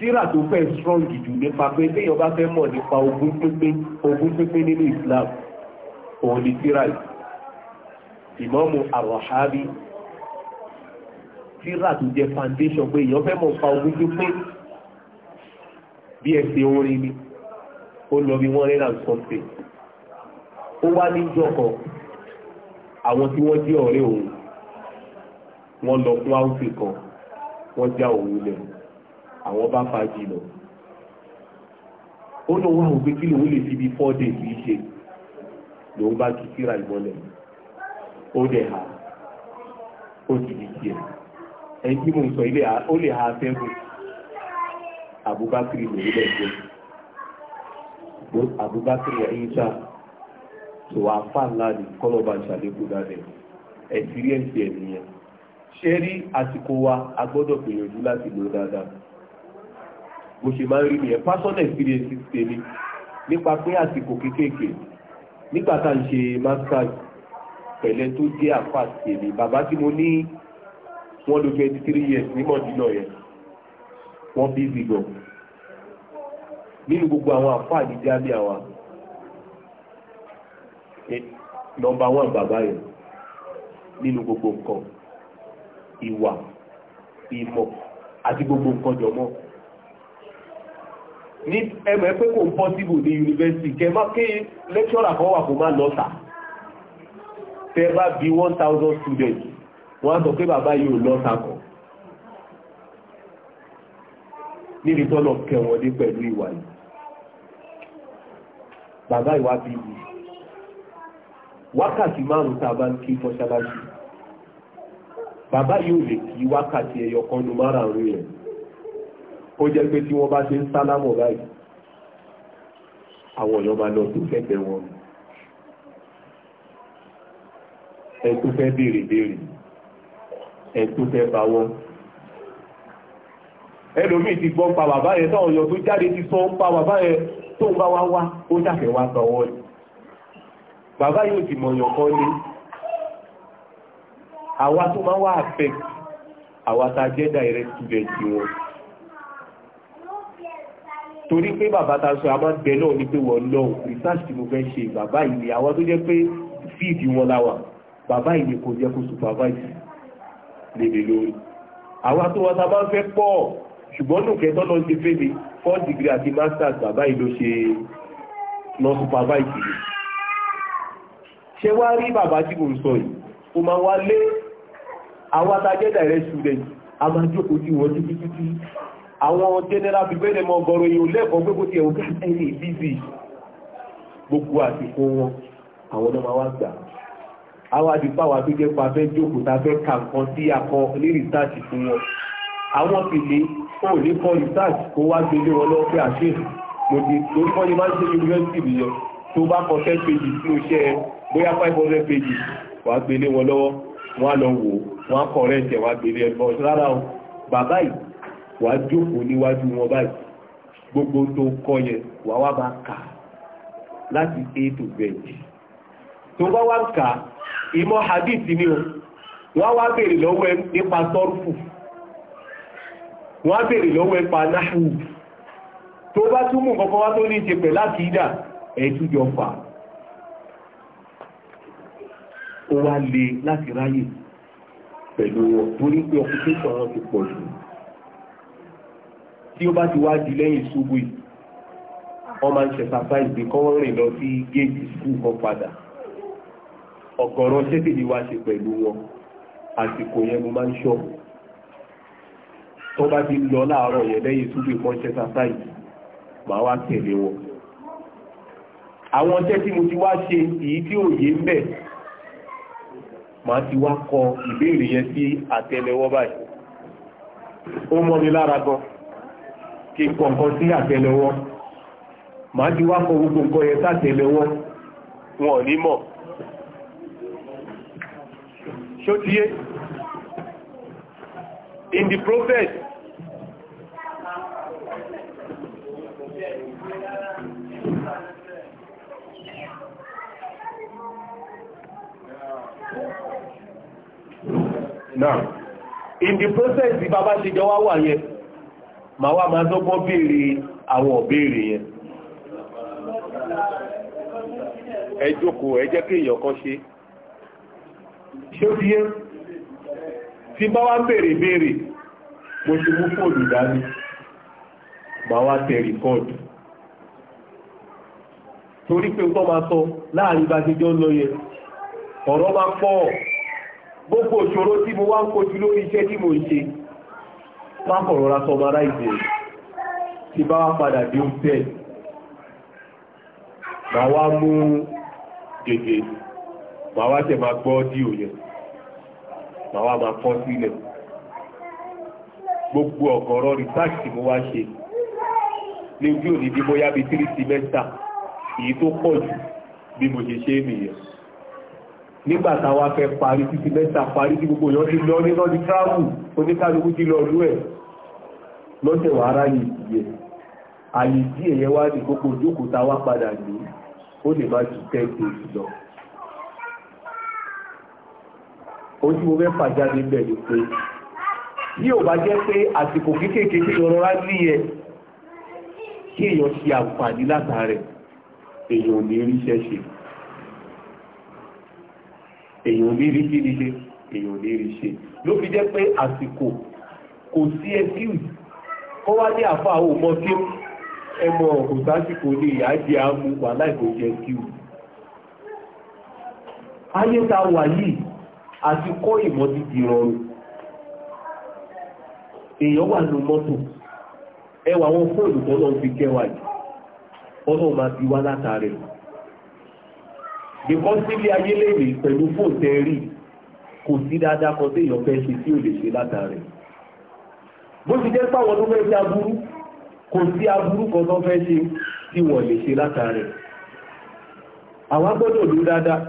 tíra tó fẹ́ strong jù nípa pé téèyàn bá fẹ́ mọ̀ nípa ogún pínpín ogún pínpín nínú Islam òun ni tíra yìí ìmọ̀mù àwọ̀hábí tíra tó jẹ́ foundation pé èèyàn fẹ́ mọ̀ nípa ogún pínpín bí ẹsẹ̀ orin ni ó lọ bí wọ́n rẹ́rà something ó wá ní jọkọ̀ àwọn tí wọ́n jẹ́ ọ̀rẹ́ òun wọ́n lọ fún áwùsì kan wọ́n já òun lẹ́nu àwọn bá fàájì lọ ó lọ wá òpin kí lòun lè fi bí four days yìí ṣe lòun bá kí síra ìmọ́lẹ̀ ó dẹ̀ ha ó ti di tiẹ̀ ẹni tí mo ń sọ ilé ó lè ha sẹ́gun Abubakar lòun lẹ̀ jẹ́ Abubakar ẹ̀yìnṣà tó wà fáńlá ní kọ́lọ́bà ṣàlékún dáadẹ́ ẹ̀sìrí ẹ̀sì ẹ̀ rí àsìkò wa a gbọ́dọ̀ gbìyànjú láti lò dáadáa mo ṣe máa ń rí nìyẹn personal experience tèmi nípa pé àsìkò kékèké nígbà tá à ń ṣe masters pẹ̀lẹ́ tó jẹ́ àfà tèmi bàbá tí mo ní wọ́n lò twenty three years ní mọ̀dínà yẹn wọ́n bí zigọ̀ nínú gbogbo àwọn àfà àdíjá bí àwa nọ́mbà one bàbá yẹn nínú gbogbo nǹkan ìwà ìmọ̀ àti gbogbo nǹkan jọmọ́ ní ẹmọ̀ pé kò ń pọ́síbù ní yunifásitì kẹmọ́ kí lẹ́kṣọ́rà kan wà kò má lọ́ta tẹ́ bá bí 1000 students wọ́n sọ pé bàbá yóò lọ́ta kan níbi tọ́lọ̀ kẹwọ́dé pẹ̀lú ìwà yìí bàbá ìwà bí i wákàtí márùn tá a bá ń kí fọ́ṣáláṣí bàbá yóò lè kí wákàtí ẹyọ kan nu márùn-ún yẹn ó jẹ́ pé tí wọ́n bá ṣe ń sálámọ̀ báyìí àwọn èèyàn máa lọ tó fẹ́fẹ́ wọn ẹ tó fẹ́ béèrè béèrè ẹ tó fẹ́ bá wọn ẹlòmíì ti gbọ́ pa bàbá yẹn táwọn èèyàn tó jáde ti sọ ń pa bàbá yẹn tó ń bá wá wá ó dàfẹ́ wá sọ wọ́n bàbá yóò ti mọ̀yàn kan ní àwa tó máa wá àfẹ́ àwa tá a jẹ́ direct student wọn torí pé bàbá ta sọ àmọ́ bẹ náà ní pé wọ́n lọ research tí mo fẹ́ ṣe bàbá yìí ni àwọn tó jẹ́ pé fíìdì wọn láwà bàbá yìí ni kò jẹ́ kó supervise lèdè lórí àwọn tó wọn ta bá fẹ́ pọ̀ ṣùgbọ́n nùkẹ́ tọ́lọ ṣe fèdè fourth degree àti masters bàbá yìí ló ṣe lọ supervise yìí ṣé wá rí bàbá tí mo ń sọ yìí mo máa wá lé àwọn atajẹ́ direct student a máa jókòó tí wọ́n títí títí àwọn general brigade mọ ọgọ́rọ̀ èyàn lẹ́kọ̀ọ́ gbogbo ti ẹ̀wọ̀n káàkiri bíbí gbogbo àsìkò wọn àwọn ọmọ wa gbà àwọn àdìpá wa tó jẹ́ pa fẹ́ jókòó ta fẹ́ ka nǹkan sí akọ ní research fún wọn àwọn pèlè ó ní kọ́ research kó wá gbélé wọn lọ pé àṣẹ lòdì tó ń kọ́ni máa ń ṣe university nìyẹn tó bá kọ ten pages tí ó ṣe bóyá five hundred bàbá yìí wàá jókòó níwájú wọn báyìí gbogbo tó kọ yẹn wàá wá máa kà láti a to z tó bá wá kà ìmọ̀ hadith ni o wọ́n wá béèrè lọ́wọ́ ẹ nípa sọ́rùfù wọ́n á béèrè lọ́wọ́ ẹ pa náhù tó bá túmọ̀ kankan wá tó ní ṣe pẹ̀ láti ìdá ẹ̀ẹ́dújọ fà ó wá le láti ráyè pẹ̀lú wọn torí ọkùnrin sọ̀rọ̀ ti pọ̀ jù tí ó bá ti wá di lẹ́yìn ṣubú yìí wọ́n máa ń ṣe exercise bí kọ́ wọ́n rìn lọ sí géètì skul kan padà ọ̀gọ̀rọ̀ ṣẹ́tì ni wá ṣe pẹ̀lú wọn àsìkò yẹn mo máa ń ṣọ́ tó bá ti lọ láàárọ̀ yẹn lẹ́yìn ṣubú yìí wọ́n ṣe exercise màá wá tẹ̀lé wọn àwọn ọjẹ́ tí mo ti wá ṣe èyí tí òye ń bẹ̀ màá ti wá kọ ìbéèrè yẹn sí àtẹlẹwọ́ báyìí ó mọ́ mi lára gan kí n kọ̀ọ̀kan sí àtẹ́lẹwọ́ màá ti wá kọ gbogbo nǹkan yẹn sátẹ́lẹwọ́ wọn ò ní mọ̀ ṣó in the prophet Now, in the process, bàbá ṣe jọ wá wà yẹn, màá wá máa dọ́gbọ́n béèrè àwọn ọ̀béèrè yẹn ẹ jókòó ẹ jẹ́ kí èèyàn kan ṣe ṣé ó ti yé tí bá wá béèrè béèrè mo ṣe mú fóònù dání màá wá tẹ rìkọ́ọ̀dù torí pé tó máa sọ láàrin bá ti jọ lọ yẹ ọ̀rọ̀ máa pọ̀ gbogbo òṣòro tí mo wá ń kojú lórí iṣẹ́ tí mo ń ṣe máa kọ̀rọ̀ ra sọmọ ará ìdè tí bá wá padà bí ó tẹ́ ma wá mú gègé ma wá tẹ̀ ma gbọ́ díò yẹn ma wá ma kọ́ sílẹ̀ gbogbo ọ̀gọ̀rọ̀ rìsáàkì mo wá ṣe ní ojú òní bí bóyá bí tírí simẹ́ta èyí tó pọ̀ jù bí mo ṣe ṣe é nìyẹn nígbà táwa fẹ́ parí títí mẹ́ta parí tí gbogbo èèyàn ti lọ nínú ọdún tíráàmù oníkálukú ti lọ lú ẹ̀ lọ́tẹ̀ wà ráyè ìyẹ̀ àyè tí èyẹ wá ní kókò jókòta wá padà ní ó lè má ju tẹ́ẹ̀tì lọ ó tí mo fẹ́ fàjáde bẹ̀ ni pé bí ò bá jẹ́ pé àsìkò kéékèèké tí lọ́rọ́ rá ní yẹ kí èèyàn ṣe àǹfààní látàrẹ̀ èèyàn ò ní ríṣẹ́ ṣe èèyàn ò ní rí kí ni ṣe èèyàn ní rí ṣe ló fi jẹ́ pé àsìkò kò sí excuse kọ́ wá ní àfà àwọn ọmọ tí ẹmọ kò sásìkò ní ìyá jẹ́ àmú wà láìkò jẹ́ kí o ayé ta wà yìí àti kọ́ ìmọ̀ ti di rọrùn èèyàn wà ní mọ́tò ẹwà wọn fóònù tó lọ́n fi kẹwàá yìí ọlọ́run máa fi wá látàrí ìkọ́ sílé ayé lè rí pẹ̀lú fóòtẹ́rì kò sí dáadáa kan tí èèyàn fẹ́ ṣe tí ò lè ṣe látàrí bó ti jẹ́ pàwọn tó fẹ́ ṣe aburú kò sí aburú kan tó fẹ́ ṣe tí wọ́n lè ṣe látàrí àwa gbọ́dọ̀ ló dáadáa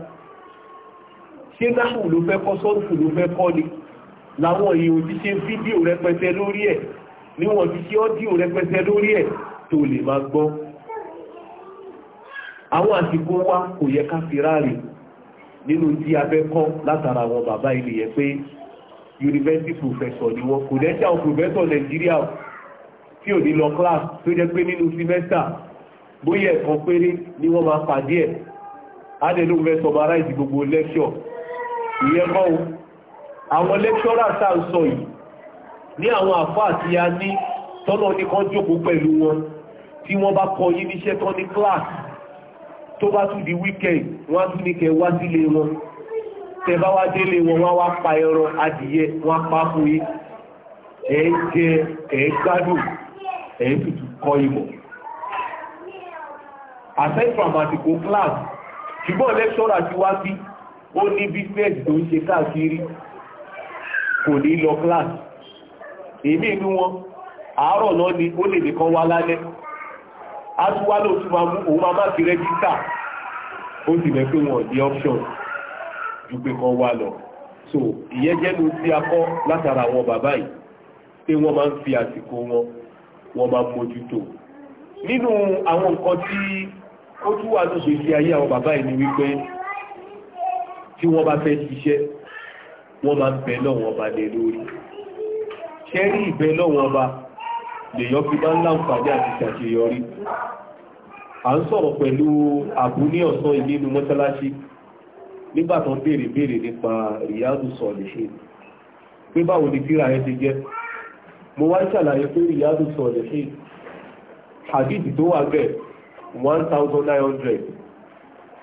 ṣé náhù ló fẹ́ kọ́ sọ́rùfù ló fẹ́ kọ́ ni láwọn èèyàn ti ṣe fídíò rẹpẹtẹ lórí ẹ̀ níwọ̀n ti ṣe ọ́díò rẹpẹtẹ lórí ẹ̀ tó lè máa gbọ́ àwọn àsìkò wa kò yẹ ká fi ráàlì nínú tí a fẹ́ kọ́ látara àwọn bàbá ilé yẹn pé university professor ni wọ́n credential professor Nigeria tí ò ní lọ class tó jẹ́ pé nínú semester bóyá ẹ̀kan péré ni wọ́n máa pàdé ẹ̀ adẹ́lú fẹ́ summarize gbogbo lecture ìyẹn kọ́ o àwọn lecturer tá ń sọ yìí ní àwọn àfá àti ya ní tọ́nà ní kan jókòó pẹ̀lú wọn tí wọ́n bá kọ yín níṣẹ́ tán ní class tó bá tún di weekend wọ́n á tún ní kẹ wá sílé wọn tẹ bá wá délé wọn wá wá pa ẹran adìyẹ wọn pa fún yín ẹ jẹ ẹ gbádùn ẹ tutù kọ ìmọ̀ aside from àsìkò class ṣùgbọ́n lẹ́kṣọ́rà ti wá sí ó ní business tó ń ṣe káàkiri kò ní lọ class èmi inú wọn àárọ̀ náà ni ó lè nìkan wá lálẹ́ a tún wá lóòtú máa mú òun máa má fi rẹ́gísítà ó sì mẹ́ pé wọn ò di option ju pé kan wá lọ so ìyẹn jẹ́nu tí a kọ́ látara àwọn bàbá yìí pé wọ́n máa ń fi àsìkò wọn wọ́n máa ń mójútó nínú àwọn nǹkan tí ó tún wà lóṣù sí ayé àwọn bàbá yìí ni wípé tí wọ́n bá fẹ́ ṣiṣẹ́ wọ́n máa ń bẹ lọ́wọ́n ọba lè lórí ṣe rí ìbẹ lọ́wọ́n ọba lèyàn fi bá ń láǹfààní àti ṣàṣeyọrí à ń sọ̀rọ̀ pẹ̀lú àbú ọ̀sán ìlú mọ́ṣáláṣí nígbà tó ń béèrè béèrè nípa Riyadu Salihin pé báwo ni tírà ẹ ti jẹ́ mo wá ṣàlàyé pé Riyadu Salihin hadith tó wà bẹ́ẹ̀ one thousand nine hundred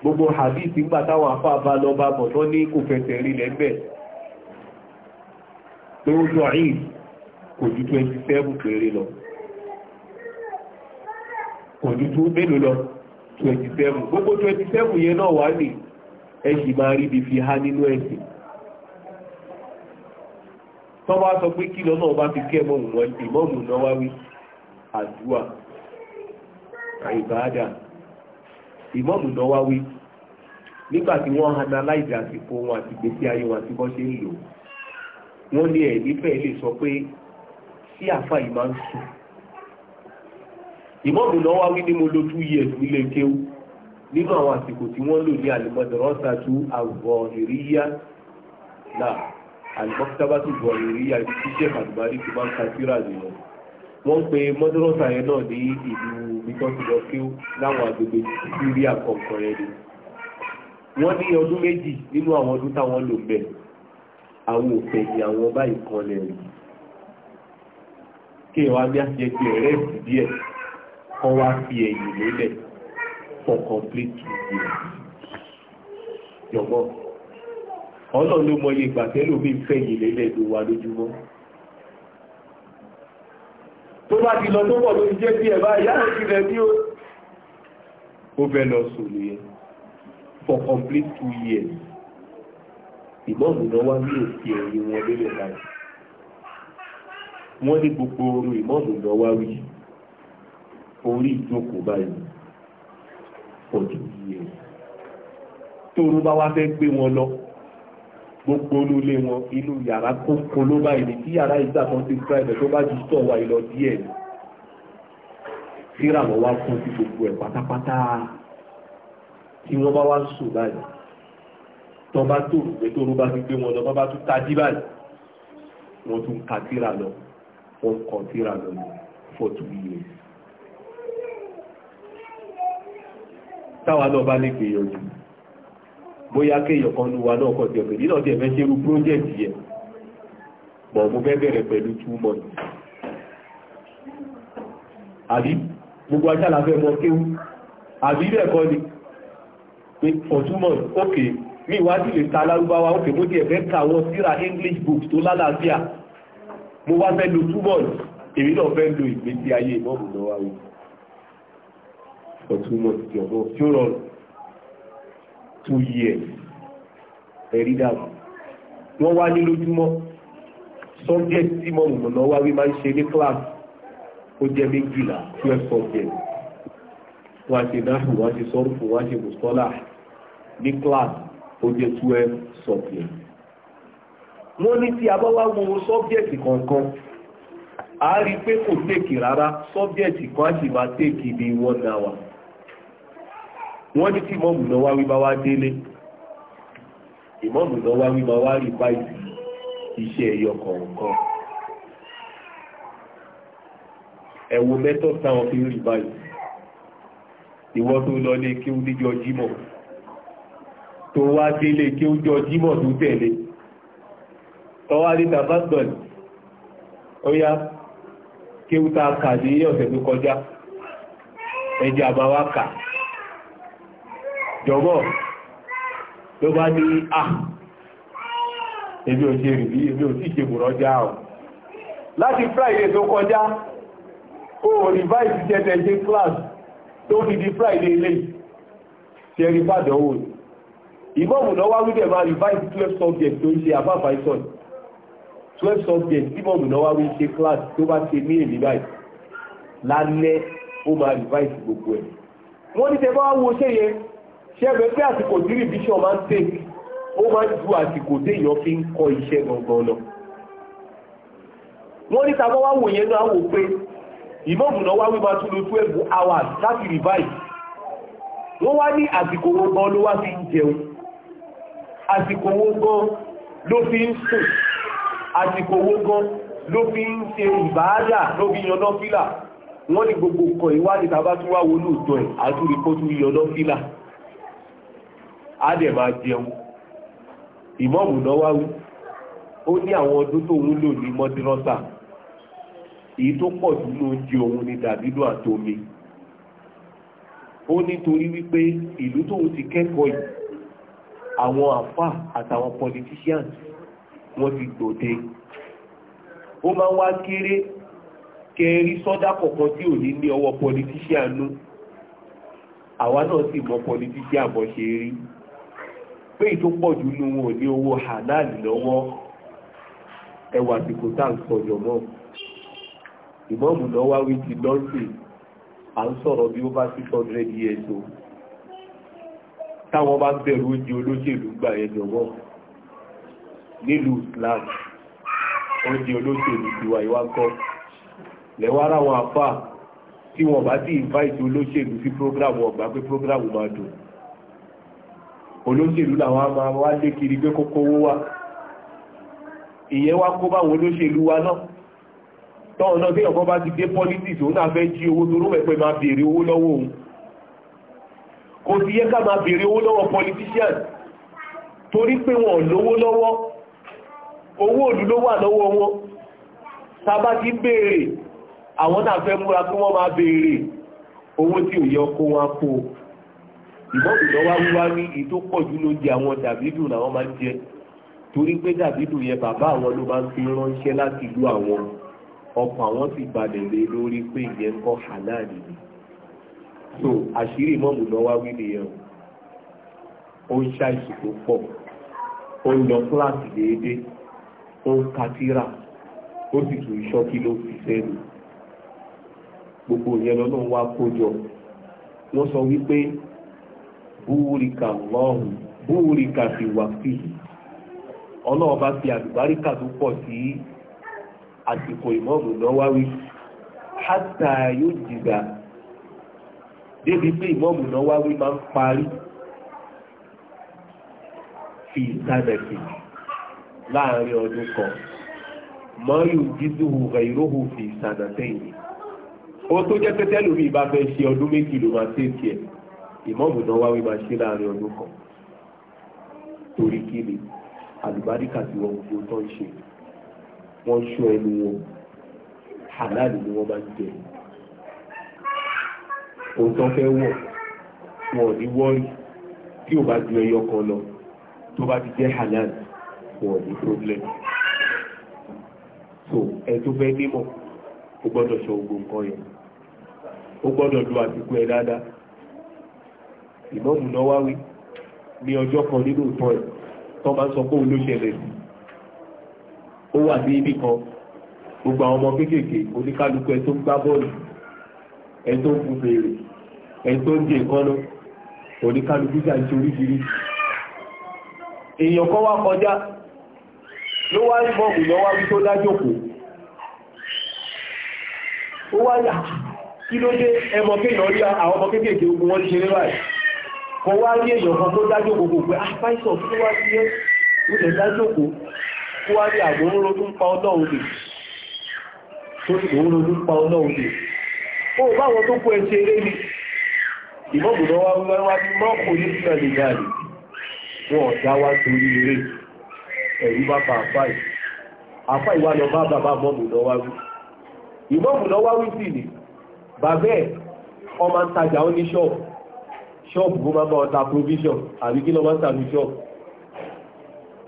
gbogbo hadith nígbà táwọn afá bá lọ bá bọ̀ tó ní kò fẹsẹ̀ rí lẹ́gbẹ̀ẹ́ pé ó twenty seven péré lọ kò ju tó mélòó lọ twenty seven gbogbo twenty seven yẹn náà wà ní ẹ sì máa rí ibi fi há nínú ẹ̀sìn tó bá sọ pé kí lọ́nà ọba fi kẹ́ ìmọ̀mù náà wá wí àdúà àìbáadà ìmọ̀mù náà wá wí nígbà tí wọ́n analyze àsìkò wọn àti gbèsè ayé wọn àti bọ́ ṣe ń lò wọ́n ní ẹ̀ nífẹ̀ẹ́ lè sọ pé sí àfà yìí máa ń sùn ìmọ̀mù náà wá wí ní mo lo two years nílé kéwú nínú àwọn àsìkò tí wọ́n lò ní àlùmọ́dọ̀rọ́sàtú àgbọ̀nìríyá náà àlùmọ́kítábàtú gbọ̀nìríyá ṣíṣẹ́ àdùmárí tó máa ń ka síra nìyẹn wọ́n pe mọ́dọ̀rọ́sà yẹn náà ní ìlú bíkọ́sílọ́kíó láwọn agbègbè síríà kọ̀ọ̀kan yẹn ni wọ́n ní ọdún méjì nínú àwọn ọdún táwọn lò bẹ̀ àwọn òfin ni àwọn báyìí kan lẹ̀ rí kí ìwà bí a for complete two years jọ̀mọ́ ọlọ́run ló mọ iye ìgbà tẹ́lómi fẹ̀yìn lélẹ́ẹ̀dọ́ wa lójúmọ́ tó bá ti lọ tó pọ̀ lórí jẹ́ bí ẹ̀bá ìyá òkú rẹ̀ bí ó ó fẹ́ lọ sùn nìyẹn for complete two years ìbọ́ọ̀mù náà wá ní òkè ẹ̀yìn wọn lélẹ̀ báyìí wọ́n ní gbogbo oorun ìmọ̀ọ̀mù náà wá wí orí ìjókòó báyìí pọ̀jù yìí o tóoru bá wá fẹ́ gbé wọn lọ gbogbo olólè wọn inú yàrá kó kóló báyìí ní kí yàrá ìgbà kan ti private tó bá ju sọ wa ìlọ díẹ̀ ni síra wọn wá fún sí gbogbo ẹ̀ pátápátá tí wọ́n bá wá sùn báyìí tó bá tóoru pé tóoru bá ti gbé wọn lọ bá bá tún tají báyìí wọ́n tún ka síra lọ wọ́n kọ síra lọ for two táwa náà bá lè pèèyàn jù bóyá kéèyàn kan nu wa náà kọ́ ti ọ̀gbìn nínú ọdẹ ẹ̀fẹ́ ṣerú pírójẹ́ẹ̀tì yẹn mọ̀ mo fẹ́ bẹ̀rẹ̀ pẹ̀lú two months àbí gbogbo ajára fẹ́ mọ kéwú àbí ilé ẹ̀kọ́ ni pé for two months ókè mi wá sí lè ta lárúbáwá ókè mo ti ẹ̀fẹ́ ka àwọn books tó lálàáfíà mo wá fẹ́ lo two months èmi náà fẹ́ lo ìgbésí ayé ìmọ̀ọ̀mù náà wáyé for two months tí ọ̀dọ́ tí ó two years ẹ̀rí dàbò wọ́n wá ní lójúmọ́ subject tí mo mọ̀ náà wá wí máa ń ṣe ní class ó jẹ́ méjìlá twelve subject wọ́n á ṣe náhù wọ́n á ṣe sọ́rùfù wọ́n á ṣe mùsọ́là ní class ó jẹ́ twelve subject wọ́n ní tí a bá wá wo subject kọ̀ọ̀kan a rí pé kò tèkì rárá subject kan á sì máa tèkì ní one hour wọ́n ní tí ìmọ̀mù náà wá wíbá wá délé ìmọ̀mù náà wá wíbá wá rí báyìí iṣẹ́ ẹ̀yọ kọ̀ọ̀kan ẹ̀wò mẹ́tọ̀ táwọn fi rí báyìí ìwọ́n tó lọ lé kí ó níjọ jímọ̀ tó wá délé kí ó jọ jímọ̀ tó tẹ̀lé tọ́wá ní tabasdọ̀lì ó yá kí ó ta kà ní ọ̀sẹ̀ tó kọjá ẹjẹ́ àbáwá kà jọ̀bọ̀ ló bá ní à ebi ò ṣe rìbí ebi ò tí ṣe bùrọ́já ọ̀ láti friday tó kọjá ó revise jẹ́tẹ̀ ṣe class tó ní di friday lè ṣe rí bàdánwò ìbọ̀mù náà wá wídẹ̀ máa revise twelve subjects. tó ń ṣe àbáfà ìsọ̀n twelve subject ìbọ̀mù náà wá wí ṣe class tó bá ṣe ní èmi báyìí lálẹ́ ó máa revise gbogbo ẹ̀ wọ́n ní tẹ́ bá wo ṣe yẹn ṣẹ́gbẹ́ pé àsìkò tí rìbíṣọ́ máa ń tè ó máa ń ju àsìkò téèyàn fi ń kọ iṣẹ́ gangan lọ wọ́n ní tàbá wá wòye náà wò pé ìmọ̀mù náà wá wí máa tún lo twelve hours láti revive wọ́n wá ní àsìkò wo gan ló wá fi ń jẹun àsìkò wo ló fi ń sùn àsìkò wo ló fi ń ṣe ìbáádà ló fi yanná fílà wọ́n ní gbogbo nǹkan ìwádìí tàbá lóòótọ́ ẹ̀ àtúrí kó tún yanná á dẹ̀ máa jẹun ìmọ̀mù Nawawi ó ní àwọn ọdún tóun lò ní mọ́dírọ́sà èyí tó pọ̀ jù ló ń jẹ òun ní dàbídò àtomi ó nítorí wípé ìlú tóun ti kẹ́kọ̀ọ́ yìí àwọn àfà àtàwọn politicians wọ́n ti gbòde ó máa ń wá kéré kẹrí sọ́dá kọ̀ọ̀kan tí ò ní ní ọwọ́ politician nú àwa náà sì mọ politician bọ́ ṣe rí pé ìtò pọ̀ jù nínú wọn ní owó halal lọ́wọ́ ẹwà àsìkò tá à ń sọ̀yọ̀ mọ́ ìmọ̀ọ́mù lọ́wọ́ wí ti lọ́sì à ń sọ̀rọ̀ bí ó bá six hundred years o táwọn bá bẹ̀rù oúnjẹ olóṣèlú gbà yẹn jọ̀wọ́ nílùú Islam oúnjẹ olóṣèlú tiwa ìwà kọ́ lẹ́wọ́ ara wọn àfà tí wọn bá ti invite olóṣèlú sí program wọn gbà pé program máa dùn olóṣèlú làwọn a máa wá lé kiri pé kókó owó wá ìyẹn wá kó báwọn olóṣèlú wa náà tọ́wọ́n náà téèyàn kan bá ti dé politics òun náà fẹ́ jí owó torú ẹ̀pẹ́ máa béèrè owó lọ́wọ́ òun kò sí yẹ ká máa béèrè owó lọ́wọ́ politician torí pé wọn lówó lọ́wọ́ owó òlú ló wà lọ́wọ́ wọn sábà ti béèrè àwọn náà fẹ́ múra kí wọ́n máa béèrè owó tí ò yẹ kó wọn kó o ìmọ̀bù náà wá wíwá rí èyí tó pọ̀ jù ló jẹ àwọn dàbídù làwọn máa ń jẹ torí pé dàbídù yẹn bàbá àwọn ló máa ń fi ránṣẹ́ láti ìlú àwọn ọkọ̀ àwọn sì balẹ̀ lé lórí pé ìyẹn ń kọ́ hàlàlì ni so àṣírí ìmọ̀bù náà wá wí nìyẹn o ó ń ṣàìsùn tó pọ̀ ó ń lọ kíláàsì déédéé ó ń katira ó sì tún iṣọ́ ló fi sẹ́nu gbogbo ìyẹn lọ́nà wá kó jọ wọ́n sọ wípé búrika lọ́hùn búrika fi wà fi ọlọ́ọ̀bá fi àlùbáríkà tó pọ̀ sí àsìkò ìmọ̀ọ̀mù lọ́wáwí hátà yóò jìgbà débi pé ìmọ̀ọ̀mù lọ́wáwí máa ń parí fi ìsànàkì láàrin ọdún kan mọ́yù jíjúhu ìróhù fi ìsànàtẹ́yìn ó tó jẹ́ pẹ́tẹ́lùmí ìbá fẹ́ ṣe ọdún méjì ló máa tẹ́ tiẹ̀ ìmọ̀mù náà wáwí máa ṣe láàrin ọdún kan torí kí ni àlùbáríkà tí wọ́n gbogbo tán ṣe wọ́n ṣọ́ ẹnu wọn àláàlú ni wọ́n máa ń jẹ ohun tó fẹ́ wọ̀ wọn ò ní wọ́ọ̀rì tí ò bá ju ẹyọ kan lọ tó bá ti jẹ́ halal wọn ò ní problem so ẹ tó fẹ́ nímọ̀ ó gbọ́dọ̀ ṣọ́ gbogbo nǹkan yẹn ó gbọ́dọ̀ lu àsìkò ẹ dáadáa ìmọ̀mù náà wáwí ní ọjọ́ kan nínú ìtàn ẹ̀ tó máa ń sọ pé òun ló ṣẹlẹ̀ sí ó wà ní ibì kan gbogbo àwọn ọmọ kéékèèké oníkálukú ẹ tó ń gbá bọ́ọ̀lù ẹ tó ń fèrè ẹ tó ń jẹ ìkọ́nà oníkálukú jà ń ṣe oríṣiríṣi èèyàn kan wá kọjá ló wá rí bọ́ọ̀bù lọ wá tó dájòkó ó wá yà ah, kí ló dé ẹmọ kéèyàn rí àwọn ọmọ kéékèèké ogun wọn ti ṣeré báyìí kọ wá rí èèyàn kan tó dájú gbogbo pé tó ah, wá rí ẹ́ ó lè tó ń pa ọlọ́run tó sì gbòrúnrò tó ń pa eré ni wá wíwá ní mọ́kò ní ìsìnlẹ̀ ìdáàlì wọn ọ̀dá wá torí eré ẹ̀rí bá pa wá lọ bá bàbá wá wí wá wí ni ṣọ́ọ̀bù kó máa bá ọta provision àbí kí lọ máa ń tàbí ṣọ́ọ̀bù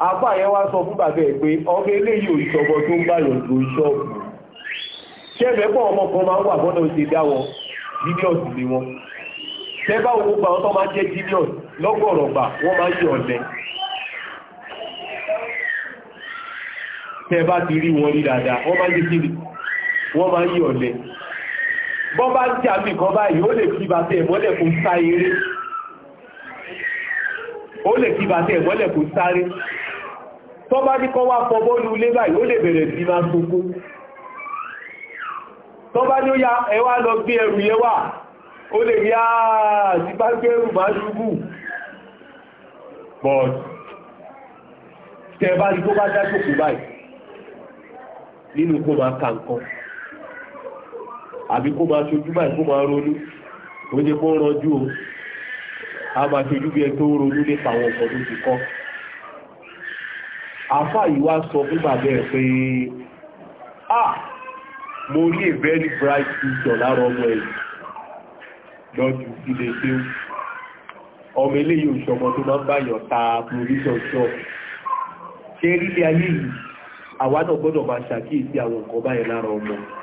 apá yẹn wá sọ fún bàbá ẹ̀ pé ọmọ eléyìí òṣọ́bọ tó ń báyọ̀ ló ṣọ́ọ̀bù ṣẹ́fẹ́ pọ̀ ọmọ kan máa ń wà bọ́nà ṣe dá wọn genius ni wọn ṣẹ́fẹ́ òkú pa wọn tó máa ń jẹ́ genius lọ́gọ̀rọ̀ gbà wọ́n máa ń yọ̀ ọ̀lẹ tẹ́ bá ti rí wọn rí dáadáa wọ́n máa ń yọ̀ bọ́ bá ń jà mí kan báyìí ó lè fi bàtẹ́ ẹ̀mọ́lẹ̀ kó sá eré ó lè fi bàtẹ́ ẹ̀mọ́lẹ̀ kó sáré tọ́ bá ní kọ́ wá fọ bọ́ọ̀lù ilé báyìí ó lè bẹ̀rẹ̀ sí máa sunkún tọ́ bá ní ó ya ẹwà lọ gbé ẹrù yẹ wà ó lè rí àà sí bá gbẹ̀rù máa ṣubú but tẹ́ bá ní tó bá dájú kù báyìí àbí kó máa ṣojú báyìí kó máa ronú ó jẹ́ kó rọjú o a máa ṣojú bí ẹ tó ronú nípa àwọn ọ̀pọ̀ tó ti kọ́ àfà yìí wá sọ fún bàbá ẹ̀ pé ah mo rí a very bright future lára ọmọ ẹ̀ lọ́dún ilé tí ó ọmọ eléyìí òṣọmọ tó máa ń báyọ̀ ta provision shop ṣe rí ilé ayé yìí àwa náà gbọ́dọ̀ máa ṣàkíyèsí àwọn nǹkan báyẹn lára ọmọ ẹ̀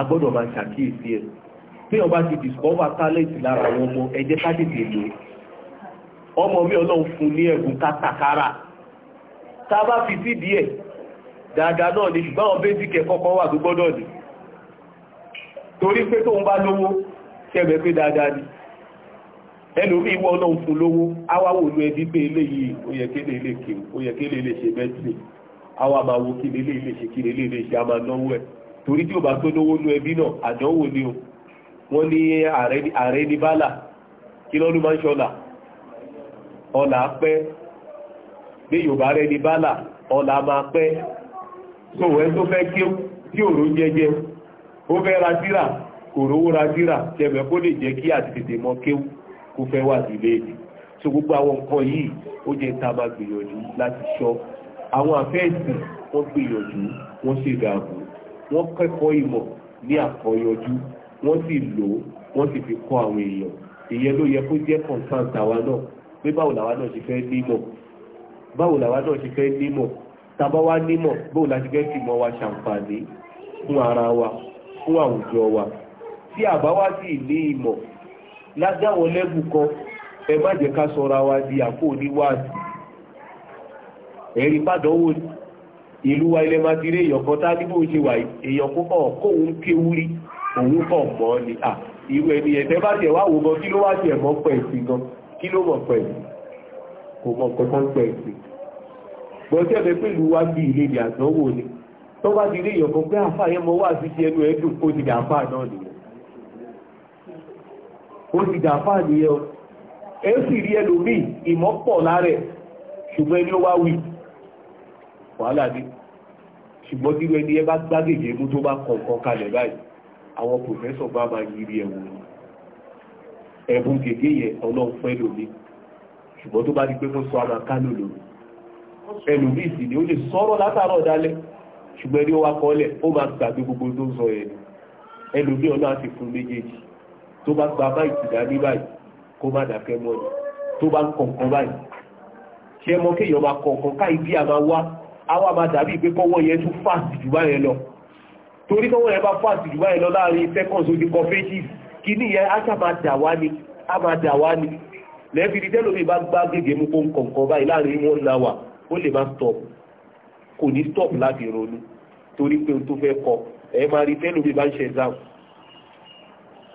agbọ́dọ̀ máa ṣàkíyèsí ẹ̀ tí ọba ti discover talent lára àwọn ọmọ ẹjẹ́ kájèjì lò ọmọ mi ọlọ́run fún ní ẹ̀bùn kátàkárà tá a bá fi sí díẹ̀ dáadáa náà ni ṣùgbọ́n àwọn bẹ́sìkẹ̀ kọ́kọ́ wà tó gbọ́dọ̀ ní torí pé tóun bá lówó ṣẹ̀bẹ̀ pé dáadáa ni ẹlòmí ìwọ ọlọ́run fún lówó awáwò ló ẹbí pé eléyìí ó yẹ kéde ilé kéwù ó yẹ kéde awá máa wo kí lélé ṣe kí lélé ṣe a máa náwó ẹ̀ torí tí ò bá tó lówó nú ẹbí náà àdánwò ni o wọ́n ní ààrẹ ní bálà kí lọ́lú máa ń ṣọ́là ọ̀là pẹ́ bí yorùbá rẹ ní bálà ọ̀là máa pẹ́ tó ẹ tó fẹ́ kí tí òró jẹjẹ ó fẹ́ ra síra kò rówó ra síra tẹ̀mẹ̀ kó lè jẹ́ kí àtìtètè mọ kéwú kó fẹ́ wà nílé èdè so gbogbo àwọn nǹkan yìí ó jẹ́ ta máa gbìyànjú láti ṣọ́ àwọn àfẹ́ ìsìn wọ́n gbìyànjú wọ́n ṣèdààmú wọ́n kẹ́kọ̀ọ́ ìmọ̀ ní àkọyọjú wọ́n sì lò ó wọ́n sì fi kọ́ àwọn èèyàn ìyẹn ló yẹ kó jẹ́ concern tàwa náà pé báwo làwa náà ṣe fẹ́ nímọ̀ báwo làwa náà ṣe fẹ́ nímọ̀ tàbá wá nímọ̀ báwo la fẹ́ fi mọ̀ wa ṣàǹfààní fún ara wa fún àwùjọ wa tí àbá wá sì ní ìmọ̀ lájáwọn lẹ́bù kan ẹ má jẹ́ ká sọra wa di àpò oníwáàdì ẹ̀rí bàdánwò ni ìlú wa ilẹ̀ máa ti rí èyọ̀kan tádìbò ṣe wà èyọ̀kan ọ̀kóhun kéwúrí òun kọ̀ mọ́ ni à irú ẹni ẹ̀tẹ́ bá tẹ̀ wá wò gan kí ló wá tẹ̀ mọ́ pẹ̀sì gan kí ló mọ̀ pẹ̀sì kò mọ̀ kankan pẹ̀sì gbọ́sẹ̀ fẹ́ pé ìlú wa bí ilé ní àdánwò ni tó bá ti rí èyọ̀kan pé àfà yẹn mọ wá sí ti ẹnu ẹ̀dùn ó ti dàáfà náà nìyẹn ó ti dàáfà nìyẹn ẹ sì rí ẹlòmíì ìmọ̀ lárẹ̀ ṣùgbọ́n ẹni ó wá wí wàhálà ni, ṣùgbọ́n nínú ẹni ẹ bá gbágègé mú tó bá kọ nǹkan kalẹ̀ báyìí àwọn pòfẹ́sọ̀ bá máa yiri ni, ẹ̀bùn gègé yẹn ọlọ́run fẹ́ lómi ṣùgbọ́n tó bá di pé kó sọ àmà kánò lómi ẹlòmíì sì ni ó lè sọ̀rọ̀ látàárọ̀ dálẹ̀ ṣùgbọ́n ẹni ó wá kọ́lẹ̀ ó máa gbàgbé gbogbo tó ń sọ yẹn ẹlòmíì ọ̀nà àti fún méjèèjì tó bá gba báyìí ti dání báyìí kó má dàkẹ́ mọ́ ni tó bá ń kọ̀ọ̀kan báyìí ṣé mọ́ kéèyàn máa kọ̀ọ̀kan káì bí a máa wá àwọn àmà dàbí pé kọ́wọ́ yẹn tún fast jù báyẹn lọ torí kọ́wọ́ yẹn bá fast jù báyẹn lọ láàrin seconds ó di confetti kí ní yẹn aṣá máa dà wá ni a máa dà wá ni lẹ́ẹ̀fi ní tẹ́lómi bá gbá gègé mú kọ̀ọ̀kan báyìí láàrin one hour ó lè má stop kò ní stop láti ronú torí pé o tó fẹ́ kọ ẹ máa rí tẹ́lómi bá ń ṣe exam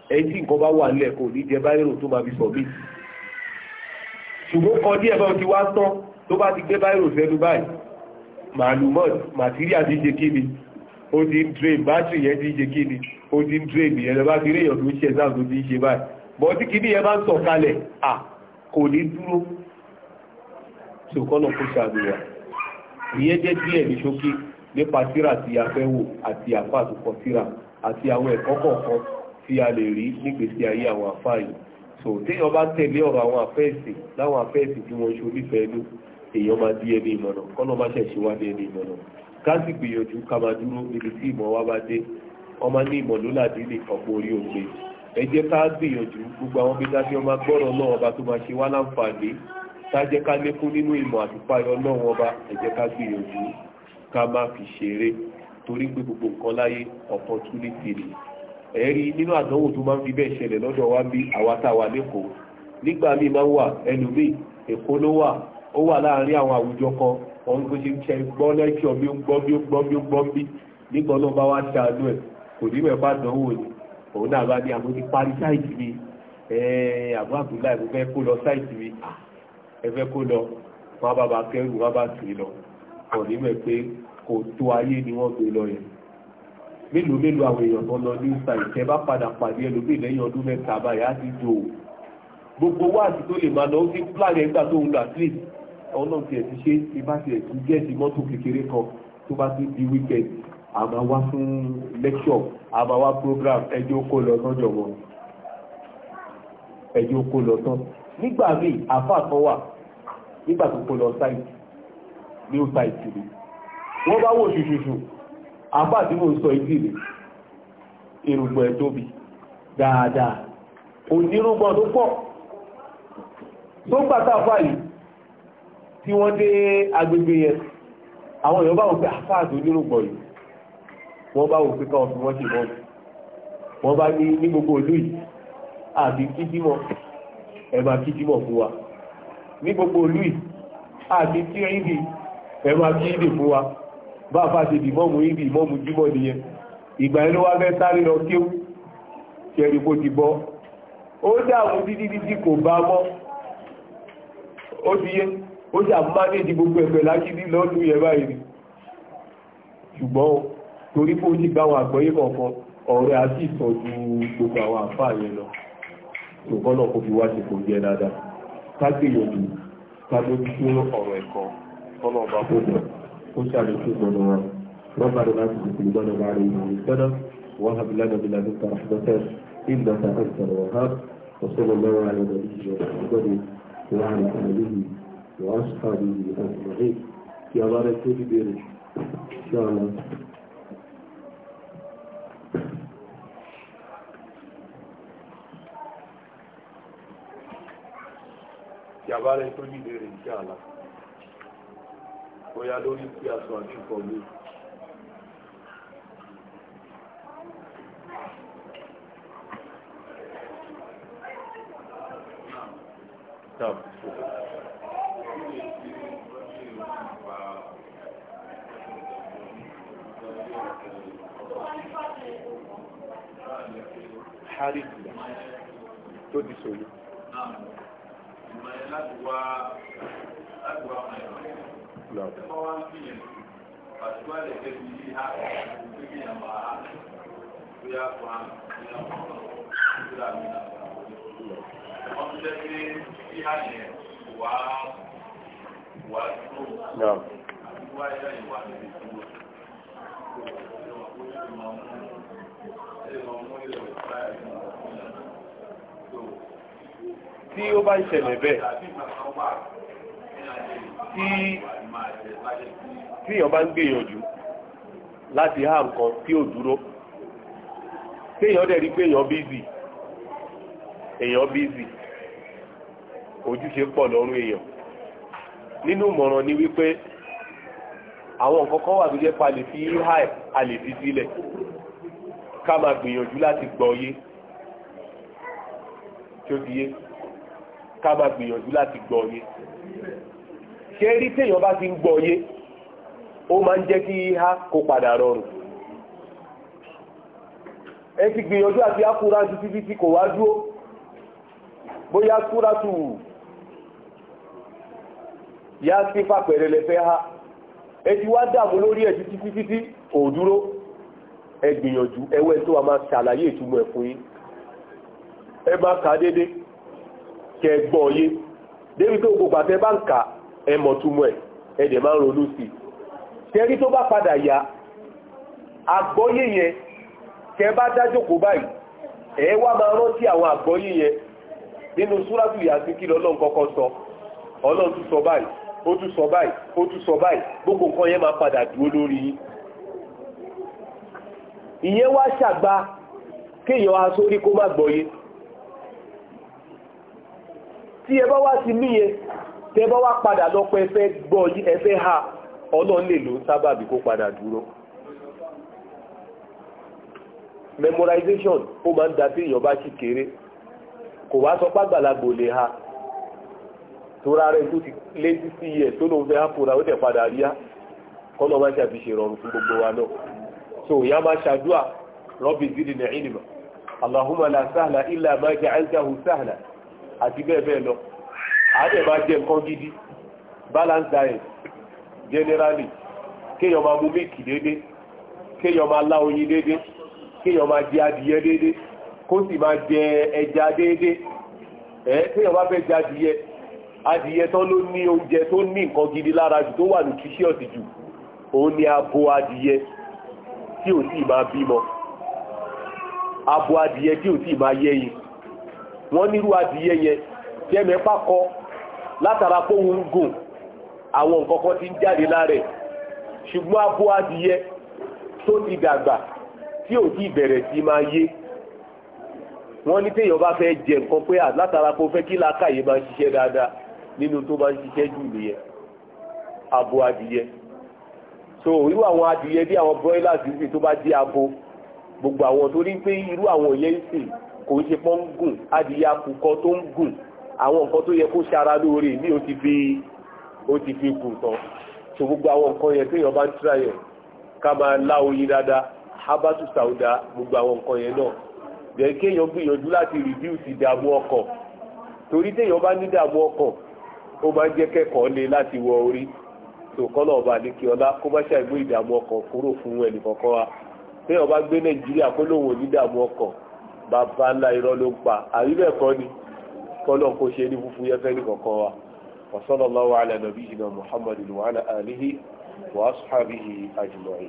ẹ tí nǹkan bá wà nílẹ̀ kò ní jẹ báyìí rò tó máa fi submit ṣùgbọ́n kan díẹ̀ bá ti wá tán tó bá ti gbé báyìí rò sẹ́nu màálùmọ́t màtíríà ti ṣe kíni ó ti ń train bátìrì yẹn ti ṣe kíni ó ti ń train ìyẹn lọ́ba ti rí èèyàn tó ń ṣe exam tó ti ń ṣe báyìí bọ́ tí kíní yẹn bá ń sọ̀kalẹ̀ à kò ní dúró ṣòkọ́nà kó ṣàbíwá ìyẹn jẹ́ díẹ̀ ní ṣókí nípa tírà tí a fẹ́ wò àti àfáà tó kọ tírà àti àwọn ẹ̀kọ́ kọ̀ọ̀kan tí a lè rí nígbèsí ayé àwọn àfáà yìí so téèyàn bá tẹ̀lé ọ̀rọ̀ àwọn àfẹ́ẹ̀sì láwọn àfẹ́ẹ̀sì tí wọ́n ṣe onífẹ́ẹ́ ló èèyàn máa di ẹni ìmọ̀nà kọ́nà máa ṣẹ̀ṣẹ̀ wá ní ẹni ìmọ̀nà káàsì gbìyànjú ká máa dúró níbi tí ìmọ̀ wa bá dé ọmọ ní ìmọ̀ ló làdí ní ọ̀pọ̀ orí ògbé ẹ jẹ́ ká gbìyànjú gbogbo àwọn bíi dájú ọmọ gbọ́rọ̀ náà ọba tó máa ṣe wá láǹfààní ká jẹ́ ká lékún nínú ìmọ̀ àtúpáyọ náà ọba ẹ jẹ́ ká gbìyànjú ká má fi ṣeré torí pé gbogbo nǹkan láyé opportunity ni ẹ̀rí nínú àdánwò tó máa ń fi bẹ́ẹ̀ ṣẹlẹ̀ lọ́dọ̀ wa bí àwa tá lẹ́kọ̀ọ́ nígbà míì máa ń wà ẹlòmíì èkó ló wà ó wà láàrin àwọn àwùjọ kan òun kò ṣe ń ṣe gbọ́ lẹ́kìọ́ bí ó ń gbọ́ bí ó ń gbọ́ bí ó ń gbọ́ bí nígbà náà bá wá ṣàánú ẹ̀ kò ní mẹ́fà dánwò ni òun náà bá ní àmọ́ ti parí sáìtì mi àbú àbúlá ìbò fẹ́ kó lọ sáìtì mi ẹ fẹ́ kó lọ wọn bá ba kẹrù wọn bá tì í lọ kò ní mẹ́ pé kò tó ayé ni wọ́n gbé lọ yẹn mélòó mélòó àwọn èèyàn tó lọ ní sáìtì ẹ bá padà pàdé ẹlòmíì lẹ́yìn ọdún mẹ́ta báyìí á ti jò gbogbo wáàsí tó lè máa lọ ó ti ń pláàrẹ̀ nígbà tó ń lọ at ọlọ́run tiẹ̀ ti ṣe ibà tiẹ̀ ti gẹ́ẹ̀sì mọ́tò kékeré kan tó bá ti di weekend a máa wá fún lecture a máa wá program ẹjọ́ kó lọ tán jọ̀wọ́ ẹjọ́ kó lọ tán nígbà míì àfáà kan wà nígbà tó kó lọ sáìtì ní ó sáìtì ni wọ́n bá wò ṣùṣùṣù àfáà tí mo ń sọ ìdí rẹ̀ irùngbọ̀n ẹ̀ tóbi dáadáa onírúgbọ̀n tó pọ̀ tó gbà tá a tí wọ́n dé agbègbè yẹn àwọn èèyàn bá wò pé àfáàdù ah, onírùngbọ̀n yìí wọ́n bá wò pé káwọn fi wọ́n ṣe bọ́ọ̀lù wọ́n bá ní ní gbogbo ìlú yìí àbí kíjímọ̀ ẹ máa kíjímọ̀ fún wa ní gbogbo ìlú yìí àbí kí ìdì ẹ máa kí ìdì fún wa bá a fà ṣe dì mọ́mù ìdì mọ́mù jímọ̀ nìyẹn ìgbà yẹn ló wá fẹ́ sáré lọ kéwù kẹrì kó ti bọ́ ó dáàbò títí títí kò bá mọ́ ó ti yé ó jà mánéjì gbogbo ẹ̀pẹ̀ lágídí lọ́dún yẹn báyìí ṣùgbọ́n torí pé ó ti gbá àwọn àgbọ́yé kọ̀ọ̀kan ọ̀rẹ́ àti ìtọ́jú gbogbo àwọn àfáà yẹn lọ ṣùgbọ́n náà kò fi wá ṣe kò jẹ́ dáadáa ká gbìyànjú ká lójú tó ọ̀rọ̀ ẹ̀kọ́ tọ́lọ̀ ọba gbogbo ó ṣàlùkù gbọ́dọ̀ wọn ربنا لا تزغ قلوبنا بعد إذ هديتنا وهب لنا الله على نبينا وعلى آله وأصحابه أجمعين Yavarete gidiyoruz. İnşallah. Yavarete gidiyoruz inşallah. Bóyá lórí tí a sọ àtúnkọ̀ mi. Tamam. Al-Harith tó di sòyí. No. No. tí ó bá ń ṣẹlẹ̀ bẹ́ẹ̀ tí tíyàn bá ń gbìyànjú láti há nǹkan tí ò dúró tíyàn dẹ̀ rí pé èèyàn bízì èèyàn bízì ojúṣe pọ̀ lọ́rùn èèyàn nínú ìmọ̀ràn ni wípé àwọn nǹkan kan wà tó jẹ́ pa lè fi há ẹ̀ a lè fi sílẹ̀ ká máa gbìyànjú láti gbọ́ yé tí ó ti yé ká máa gbìyànjú láti gbọ́ yé ṣé rí téèyàn bá ti ń gbọ́ yé ó máa ń jẹ́ kí há kó padà rọrùn ẹ ti gbìyànjú àti ákúra ju títí tí kò wá dúró bóyá kúra tù yá sí fàpẹ̀rẹ̀ lẹ́fẹ́ há ẹ ti wá dààmú lórí ẹ̀ títí títí kò dúró ẹ gbìyànjú ẹwẹ́ tó wà máa ṣàlàyé ìtumọ̀ ẹ̀ fún yín ẹ máa kà á kẹ gbọ́ yé débi tó gbogbo àtẹ bá ń kà ma mọ̀ ẹ̀ ẹ máa ń ronú sí tẹ́rí tó bá padà yá àgbọ́yé yẹn kẹ bá dájókòó báyìí ẹ wá máa rántí àwọn àgbọ́yé yẹn nínú súrátù Yásìn kí lọ́lọ́run kọ́kọ́ sọ ọlọ́run tún sọ báyìí ó tún sọ báyìí ó tún sọ báyìí gbogbo nǹkan yẹn máa padà dúró lórí yín ìyẹn wá ṣàgbá kéèyàn tí ẹ bá wá ti níye yẹn bá wá padà lọ́pọ̀ ẹfẹ́ gbọ́ ẹfẹ́ ha ọlọ́run lè ló sábàbí kó padà dúró memorization ó máa ń da sí bá kéré kò wá sọ pàgbàlagbò ha tora rẹ tó ti lé sí sí tó lóun fẹ́ hápòrà ó padà rí máa ṣàfi ṣe rọrùn fún gbogbo wa náà so ìyá máa ṣàdúà rọ́bì allahumma la sahla illa ma sahla àti bẹ́ẹ̀ bẹ́ẹ̀ lọ àádẹ́ máa jẹ nǹkan gidi balance diet generally kéèyàn máa mú méèkì déédé kéèyàn máa lá oyin déédé kéèyàn máa jẹ adìyẹ déédé kó sì máa jẹ ẹja déédé ẹ kéèyàn bá fẹ́ jẹ adìyẹ adìyẹ tán ló ní oúnjẹ tó ní nǹkan gidi lára jù tó wà nutritious jù òun ni abo adìyẹ tí ò sì máa bímọ abo adìyẹ tí ò sì máa yẹ́yin wọ́n nírú adìyẹ yẹn tí ẹ̀mẹ́ pákọ látara póhun gùn àwọn nǹkan kan ti ń jáde lára ṣùgbọ́n abo adìyẹ tó ti dàgbà tí ò ti bẹ̀rẹ̀ sí máa yé wọ́n ní téèyàn bá fẹ́ jẹ nǹkan pé látara pé fẹ́ kí làákàyè máa ṣiṣẹ́ dáadáa nínú tó máa ń ṣiṣẹ́ jù nìyẹn abo adìyẹ so irú àwọn adìyẹ bí àwọn broilers nísìnyí tó bá jẹ́ abo gbogbo àwọn torí pé irú àwọn yẹn ń sìn kò ń ṣe pọ́ ń gùn adìyẹ akùkọ tó ń gùn àwọn nǹkan tó yẹ kó ṣara lóore ní o ti fi o ti fi gùn tán so gbogbo àwọn nǹkan yẹn téèyàn bá ń tíra yẹn ká máa lá oyin dáadáa habatu sauda gbogbo àwọn nǹkan yẹn náà bẹ́ẹ̀ kéèyàn gbìyànjú láti rìdíùsì ìdààmú ọkàn torí téèyàn bá ní ìdààmú ọkàn ó máa ń jẹ́ kẹ́kọ̀ọ́ lé láti wọ orí tòkọ́nà ọba àdékè ọlá kó bá ṣàìgbé ìdààmú ọkàn kúrò fún ẹnìkọ̀ọ̀kan wa téèyàn bá gbé nàìjíríà kó lòun ò ní ìdààmú ọkàn bàbá ńlá irọ́ ló ń pa àríbẹ̀ kọ́ ni kọ́lọ̀ kó ṣe ní fúfú yẹn fẹ́ ní kọ̀ọ̀kan wa wa sallallahu ala nabiyyina muhammadin alihi wa ashabihi